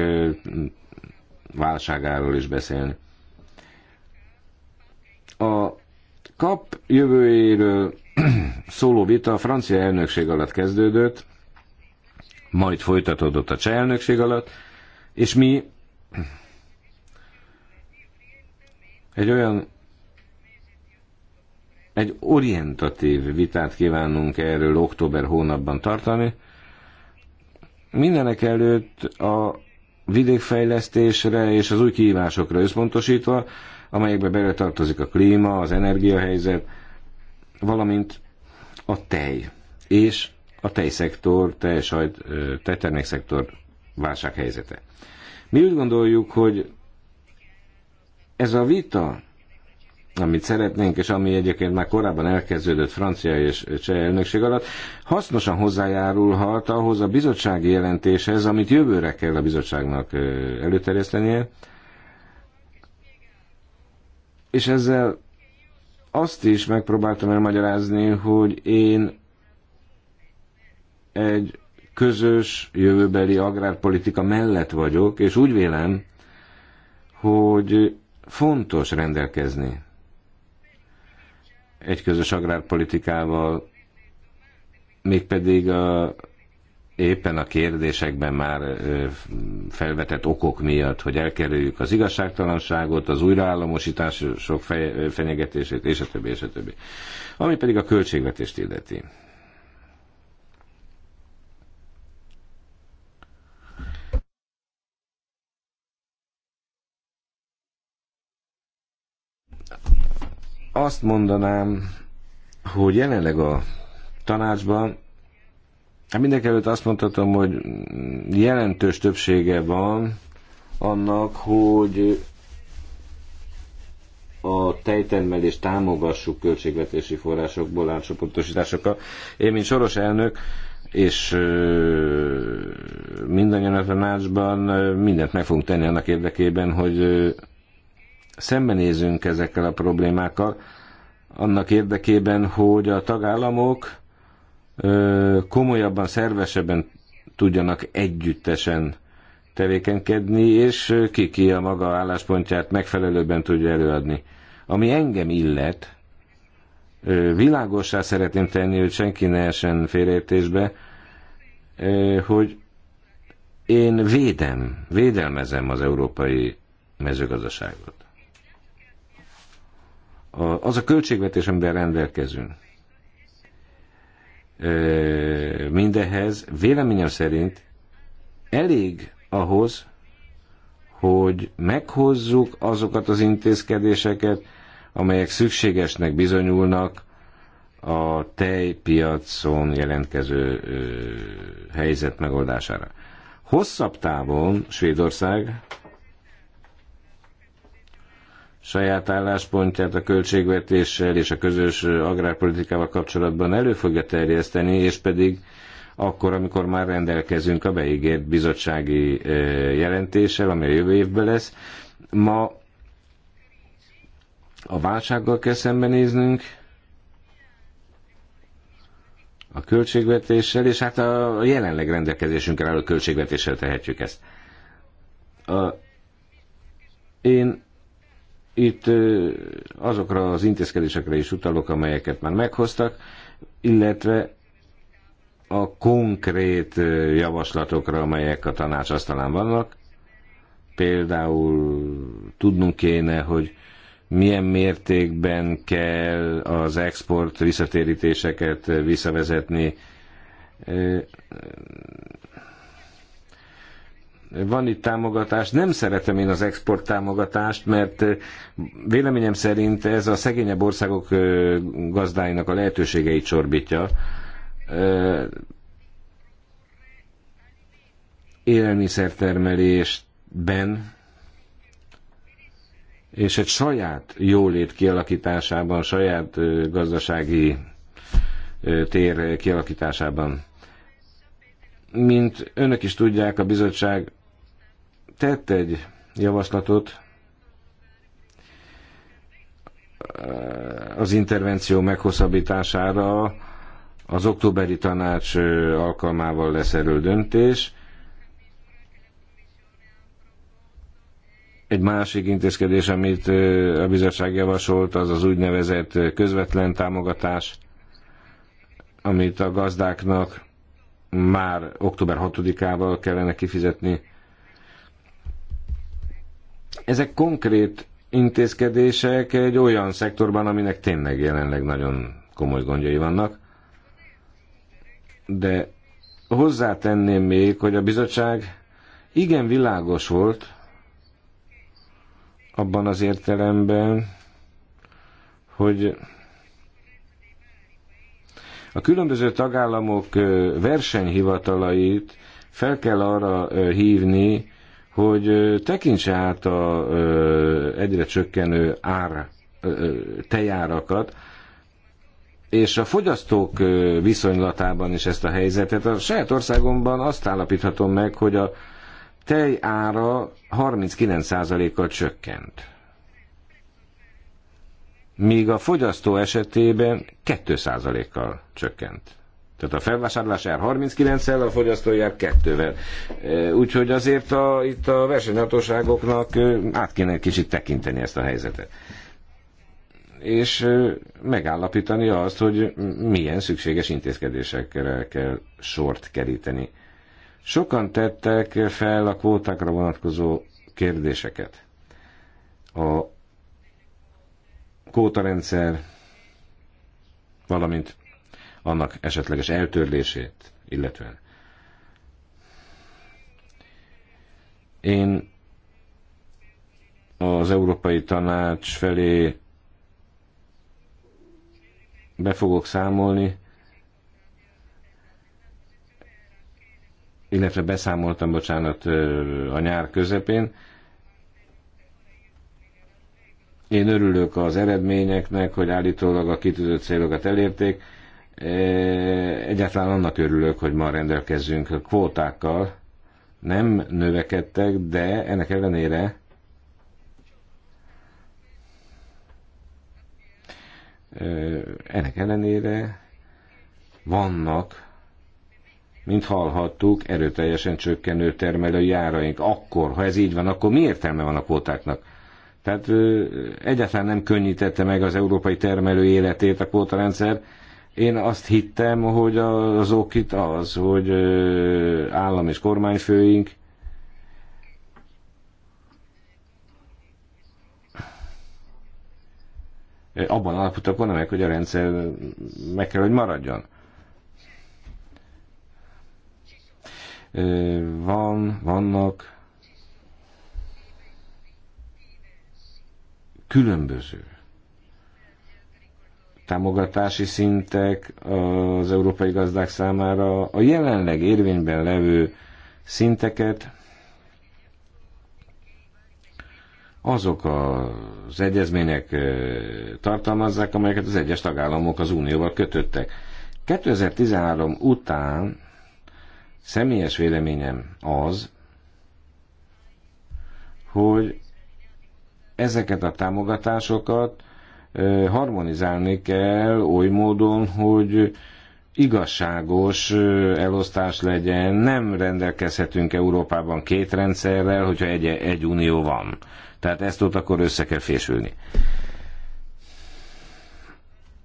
válságáról is beszélni. A kap jövőjéről [clears throat] szóló vita a francia elnökség alatt kezdődött, majd folytatódott a cseh elnökség alatt, és mi egy olyan egy orientatív vitát kívánunk erről október hónapban tartani, Mindenek előtt a vidékfejlesztésre és az új kihívásokra összpontosítva, amelyekbe bele tartozik a klíma, az energiahelyzet, valamint a tej és a tejszektor, tejsajt, tejtermékszektor válsághelyzete. Mi úgy gondoljuk, hogy ez a vita amit szeretnénk, és ami egyébként már korábban elkezdődött francia és cseh elnökség alatt, hasznosan hozzájárulhat ahhoz a bizottsági jelentéshez, amit jövőre kell a bizottságnak előterjesztenie, és ezzel azt is megpróbáltam elmagyarázni, hogy én egy közös jövőbeli agrárpolitika mellett vagyok, és úgy vélem, hogy fontos rendelkezni egy közös agrárpolitikával, mégpedig a, éppen a kérdésekben már felvetett okok miatt, hogy elkerüljük az igazságtalanságot, az újraállamosítások fenyegetését, és a többi, és a többi. Ami pedig a költségvetést illeti. Azt mondanám, hogy jelenleg a tanácsban hát mindenkelőtt azt mondhatom, hogy jelentős többsége van annak, hogy a tejtermelést támogassuk költségvetési forrásokból, átcsoportosításokkal. Én, mint soros elnök, és mindannyian a tanácsban mindent meg fogunk tenni annak érdekében, hogy szembenézünk ezekkel a problémákkal, annak érdekében, hogy a tagállamok komolyabban, szervesebben tudjanak együttesen tevékenykedni, és ki ki a maga álláspontját megfelelőbben tudja előadni. Ami engem illet, világosá szeretném tenni, hogy senki ne essen félértésbe, hogy én védem, védelmezem az európai mezőgazdaságot az a költségvetés, amivel rendelkezünk, mindehhez véleményem szerint elég ahhoz, hogy meghozzuk azokat az intézkedéseket, amelyek szükségesnek bizonyulnak a tejpiacon jelentkező helyzet megoldására. Hosszabb távon Svédország saját álláspontját a költségvetéssel és a közös agrárpolitikával kapcsolatban elő fogja terjeszteni, és pedig akkor, amikor már rendelkezünk a beígért bizottsági jelentéssel, ami a jövő évben lesz. Ma a válsággal kell szembenéznünk, a költségvetéssel, és hát a jelenleg rendelkezésünkre álló költségvetéssel tehetjük ezt. A, én itt azokra az intézkedésekre is utalok, amelyeket már meghoztak, illetve a konkrét javaslatokra, amelyek a tanács asztalán vannak. Például tudnunk kéne, hogy milyen mértékben kell az export visszatérítéseket visszavezetni, van itt támogatás. Nem szeretem én az export támogatást, mert véleményem szerint ez a szegényebb országok gazdáinak a lehetőségeit csorbítja. Élelmiszertermelésben és egy saját jólét kialakításában, saját gazdasági tér kialakításában mint önök is tudják, a bizottság tett egy javaslatot eh, az intervenció meghosszabbítására az októberi tanács eh, alkalmával lesz erről döntés. Egy másik intézkedés, amit eh, a bizottság javasolt, az az úgynevezett közvetlen támogatás, amit a gazdáknak már október 6-ával kellene kifizetni ezek konkrét intézkedések egy olyan szektorban, aminek tényleg jelenleg nagyon komoly gondjai vannak. De hozzátenném még, hogy a bizottság igen világos volt abban az értelemben, hogy a különböző tagállamok versenyhivatalait fel kell arra hívni, hogy tekintse át a egyre csökkenő ár tejárakat, és a fogyasztók viszonylatában is ezt a helyzetet. A saját országomban azt állapíthatom meg, hogy a tej ára 39%-kal csökkent. Míg a fogyasztó esetében 2%-kal csökkent. Tehát a felvásárlás ár 39-szel, a fogyasztói ár 2-vel. Úgyhogy azért a, itt a versenyhatóságoknak át kéne egy kicsit tekinteni ezt a helyzetet. És megállapítani azt, hogy milyen szükséges intézkedésekre kell sort keríteni. Sokan tettek fel a kvótákra vonatkozó kérdéseket. A kvótarendszer, valamint annak esetleges eltörlését illetve. Én az Európai Tanács felé be fogok számolni, illetve beszámoltam, bocsánat, a nyár közepén. Én örülök az eredményeknek, hogy állítólag a kitűzött célokat elérték, E, egyáltalán annak örülök, hogy ma rendelkezünk kvótákkal. Nem növekedtek, de ennek ellenére e, ennek ellenére vannak, mint hallhattuk, erőteljesen csökkenő termelői áraink. Akkor, ha ez így van, akkor mi értelme van a kvótáknak? Tehát egyáltalán nem könnyítette meg az európai termelő életét a kvótarendszer, rendszer, én azt hittem, hogy az ok itt az, hogy állam és kormányfőink abban alapultak volna meg, hogy a rendszer meg kell, hogy maradjon. Van, vannak különböző támogatási szintek az európai gazdák számára a jelenleg érvényben levő szinteket azok az egyezmények tartalmazzák, amelyeket az egyes tagállamok az unióval kötöttek. 2013 után személyes véleményem az, hogy ezeket a támogatásokat harmonizálni kell oly módon, hogy igazságos elosztás legyen, nem rendelkezhetünk Európában két rendszerrel, hogyha egy, egy unió van. Tehát ezt ott akkor össze kell fésülni.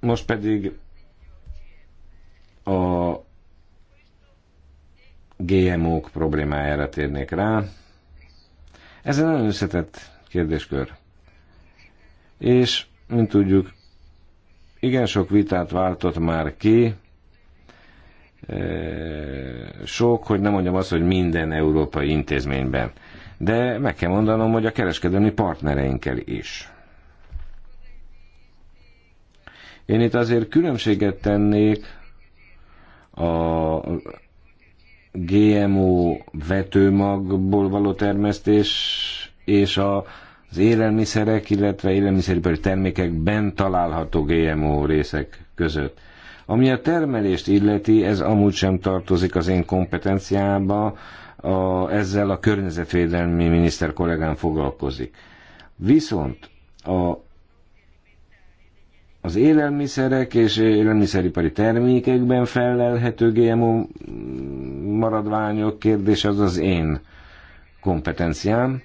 Most pedig a GMO-k problémájára térnék rá. Ez egy nagyon összetett kérdéskör. És mint tudjuk, igen sok vitát váltott már ki, e, sok, hogy nem mondjam azt, hogy minden európai intézményben. De meg kell mondanom, hogy a kereskedelmi partnereinkkel is. Én itt azért különbséget tennék a GMO vetőmagból való termesztés és a az élelmiszerek, illetve élelmiszeripari termékekben található GMO részek között. Ami a termelést illeti, ez amúgy sem tartozik az én kompetenciába, a, ezzel a környezetvédelmi miniszter kollégám foglalkozik. Viszont a, az élelmiszerek és élelmiszeripari termékekben felelhető GMO maradványok kérdés az az én kompetenciám.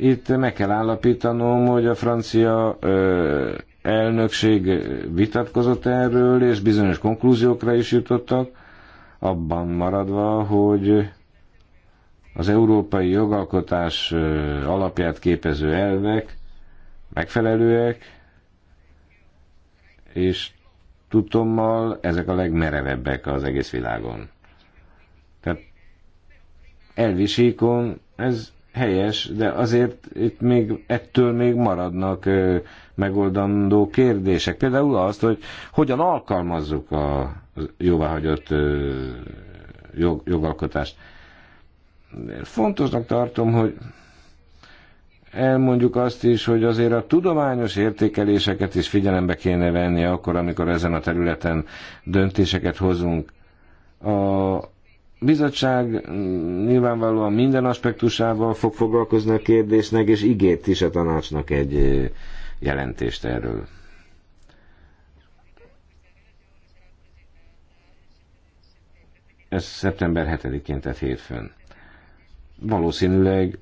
Itt meg kell állapítanom, hogy a francia elnökség vitatkozott erről, és bizonyos konklúziókra is jutottak, abban maradva, hogy az európai jogalkotás alapját képező elvek megfelelőek, és tudtommal ezek a legmerevebbek az egész világon. Tehát elvisíkon ez helyes, de azért itt még ettől még maradnak megoldandó kérdések. Például azt, hogy hogyan alkalmazzuk a jóváhagyott jog, jogalkotást. Fontosnak tartom, hogy elmondjuk azt is, hogy azért a tudományos értékeléseket is figyelembe kéne venni akkor, amikor ezen a területen döntéseket hozunk. A, bizottság mm, nyilvánvalóan minden aspektusával fog foglalkozni a kérdésnek, és ígért is a tanácsnak egy jelentést erről. Ez szeptember 7-én, tehát hétfőn. Valószínűleg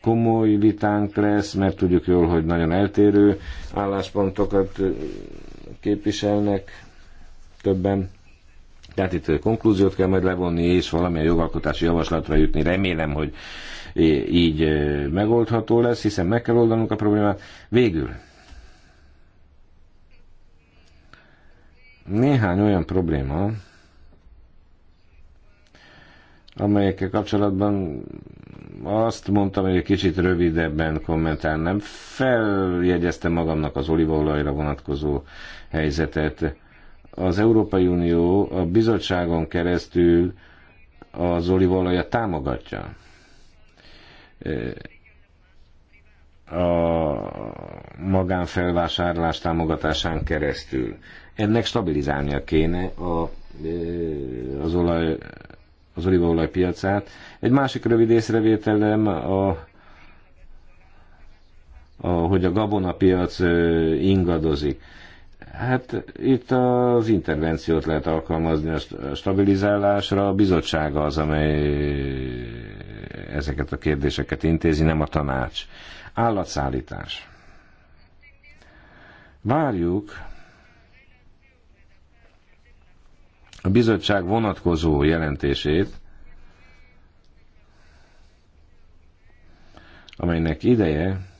komoly vitánk lesz, mert tudjuk jól, hogy nagyon eltérő álláspontokat képviselnek többen. Tehát itt konklúziót kell majd levonni, és valamilyen jogalkotási javaslatra jutni. Remélem, hogy így megoldható lesz, hiszen meg kell oldanunk a problémát. Végül. Néhány olyan probléma, amelyekkel kapcsolatban azt mondtam, hogy egy kicsit rövidebben kommentálnám. Feljegyeztem magamnak az olívaolajra vonatkozó helyzetet az Európai Unió a bizottságon keresztül az olívolajat támogatja. A magánfelvásárlás támogatásán keresztül. Ennek stabilizálnia kéne a, az olaj az olívaolaj piacát. Egy másik rövid észrevételem a a, hogy a gabonapiac ingadozik. Hát itt az intervenciót lehet alkalmazni a stabilizálásra. A bizottság az, amely ezeket a kérdéseket intézi, nem a tanács. Állatszállítás. Várjuk a bizottság vonatkozó jelentését, amelynek ideje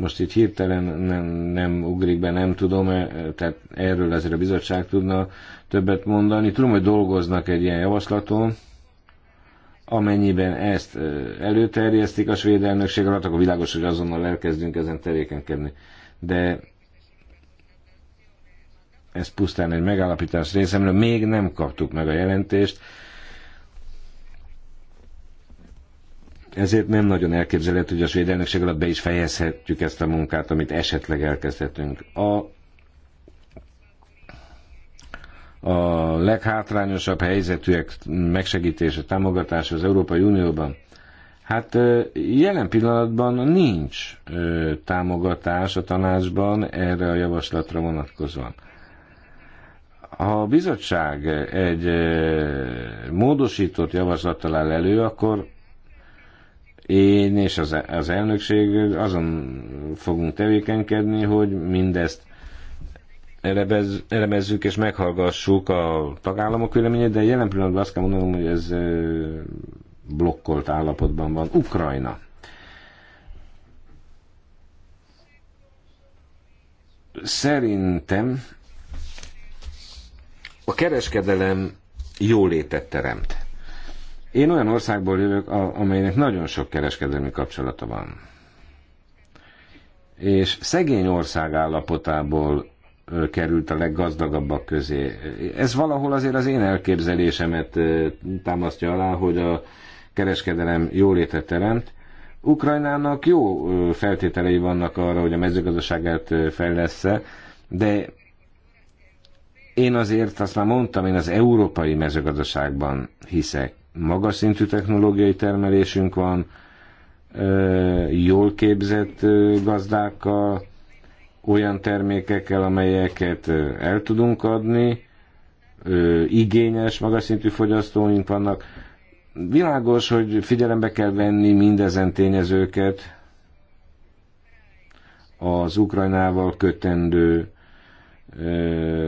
most itt hirtelen nem, nem ugrik be, nem tudom, e, tehát erről ezért a bizottság tudna többet mondani. Tudom, hogy dolgoznak egy ilyen javaslaton, amennyiben ezt e, előterjesztik a svéd elnökség alatt, akkor világos, hogy azonnal elkezdünk ezen tevékenykedni. De ez pusztán egy megállapítás részemről, még nem kaptuk meg a jelentést, Ezért nem nagyon elképzelhető, hogy a svéd elnökség alatt be is fejezhetjük ezt a munkát, amit esetleg elkezdhetünk. A a leghátrányosabb helyzetűek megsegítése, támogatása az Európai Unióban? Hát jelen pillanatban nincs támogatás a tanácsban erre a javaslatra vonatkozóan. Ha a bizottság egy módosított javaslattal áll elő, akkor én és az, az elnökség azon fogunk tevékenykedni, hogy mindezt elemez, elemezzük és meghallgassuk a tagállamok véleményét, de jelen pillanatban azt kell mondanom, hogy ez blokkolt állapotban van. Ukrajna. Szerintem a kereskedelem jólétet teremt. Én olyan országból jövök, amelynek nagyon sok kereskedelmi kapcsolata van. És szegény ország állapotából került a leggazdagabbak közé. Ez valahol azért az én elképzelésemet támasztja alá, hogy a kereskedelem jól teremt. Ukrajnának jó feltételei vannak arra, hogy a mezőgazdaságát fejlesz-e, de én azért azt már mondtam, én az európai mezőgazdaságban hiszek magas szintű technológiai termelésünk van, jól képzett gazdákkal, olyan termékekkel, amelyeket el tudunk adni, igényes, magas szintű fogyasztóink vannak. Világos, hogy figyelembe kell venni mindezen tényezőket az Ukrajnával kötendő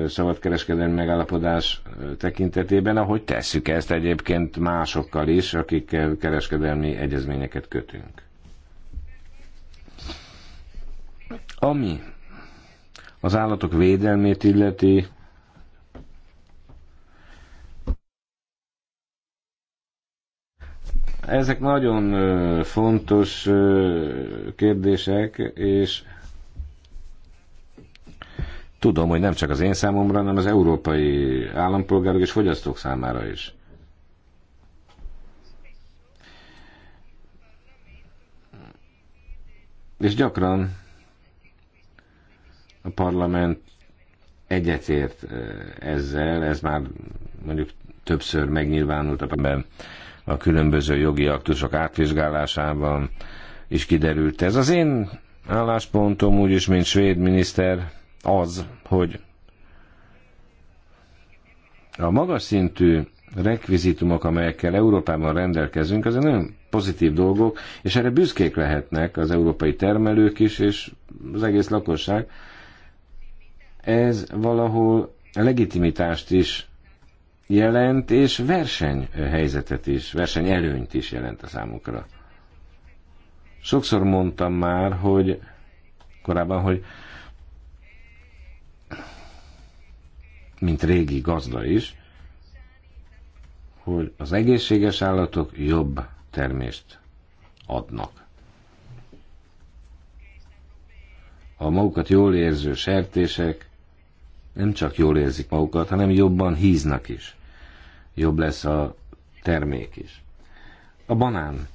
szabadkereskedelmi megállapodás tekintetében, ahogy tesszük ezt egyébként másokkal is, akikkel kereskedelmi egyezményeket kötünk. Ami az állatok védelmét illeti, ezek nagyon fontos kérdések, és Tudom, hogy nem csak az én számomra, hanem az európai állampolgárok és fogyasztók számára is. És gyakran a parlament egyetért ezzel, ez már mondjuk többször megnyilvánult a, a különböző jogi aktusok átvizsgálásában is kiderült ez. Az én álláspontom úgyis, mint svéd miniszter, az, hogy a magas szintű rekvizitumok, amelyekkel Európában rendelkezünk, azért nagyon pozitív dolgok, és erre büszkék lehetnek az európai termelők is, és az egész lakosság. Ez valahol legitimitást is jelent, és versenyhelyzetet is, versenyelőnyt is jelent a számukra. Sokszor mondtam már, hogy korábban, hogy mint régi gazda is, hogy az egészséges állatok jobb termést adnak. A magukat jól érző sertések nem csak jól érzik magukat, hanem jobban híznak is. Jobb lesz a termék is. A banán.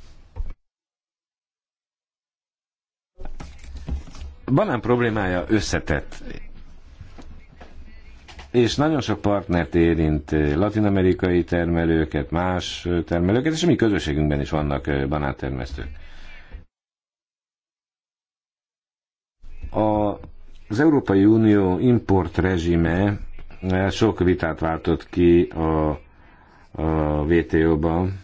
A banán problémája összetett és nagyon sok partnert érint, eh, latinamerikai termelőket, más eh, termelőket, és a mi közösségünkben is vannak eh, banántermesztők. A, az Európai Unió import rezsime sok vitát váltott ki a, a WTO-ban.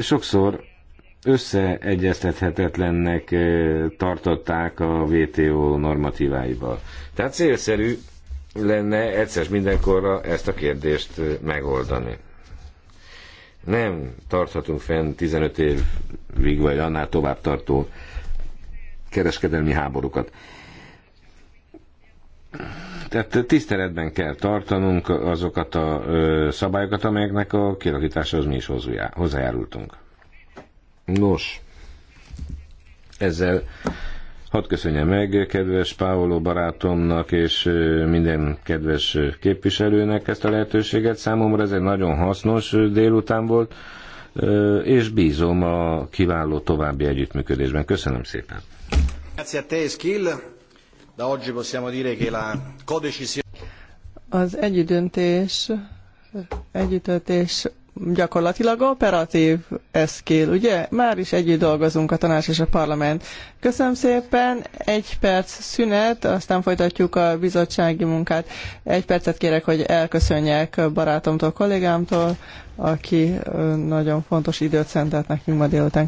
Sokszor összeegyeztethetetlennek eh, tartották a WTO normatíváival. Tehát célszerű lenne egyszer mindenkorra ezt a kérdést eh, megoldani. Nem tarthatunk fenn 15 évig, vagy annál tovább tartó kereskedelmi háborúkat. Tehát tiszteletben kell tartanunk azokat a szabályokat, amelyeknek a kialakításához mi is hozzájárultunk. Nos, ezzel hadd köszönjem meg kedves Paolo barátomnak és minden kedves képviselőnek ezt a lehetőséget. Számomra ez egy nagyon hasznos délután volt, és bízom a kiváló további együttműködésben. Köszönöm szépen. Az együttdöntés, együttöltés gyakorlatilag operatív eszkél, ugye? Már is együtt dolgozunk a tanács és a parlament. Köszönöm szépen, egy perc szünet, aztán folytatjuk a bizottsági munkát. Egy percet kérek, hogy elköszönjek barátomtól, kollégámtól, aki nagyon fontos időt szentelt nekünk ma délután.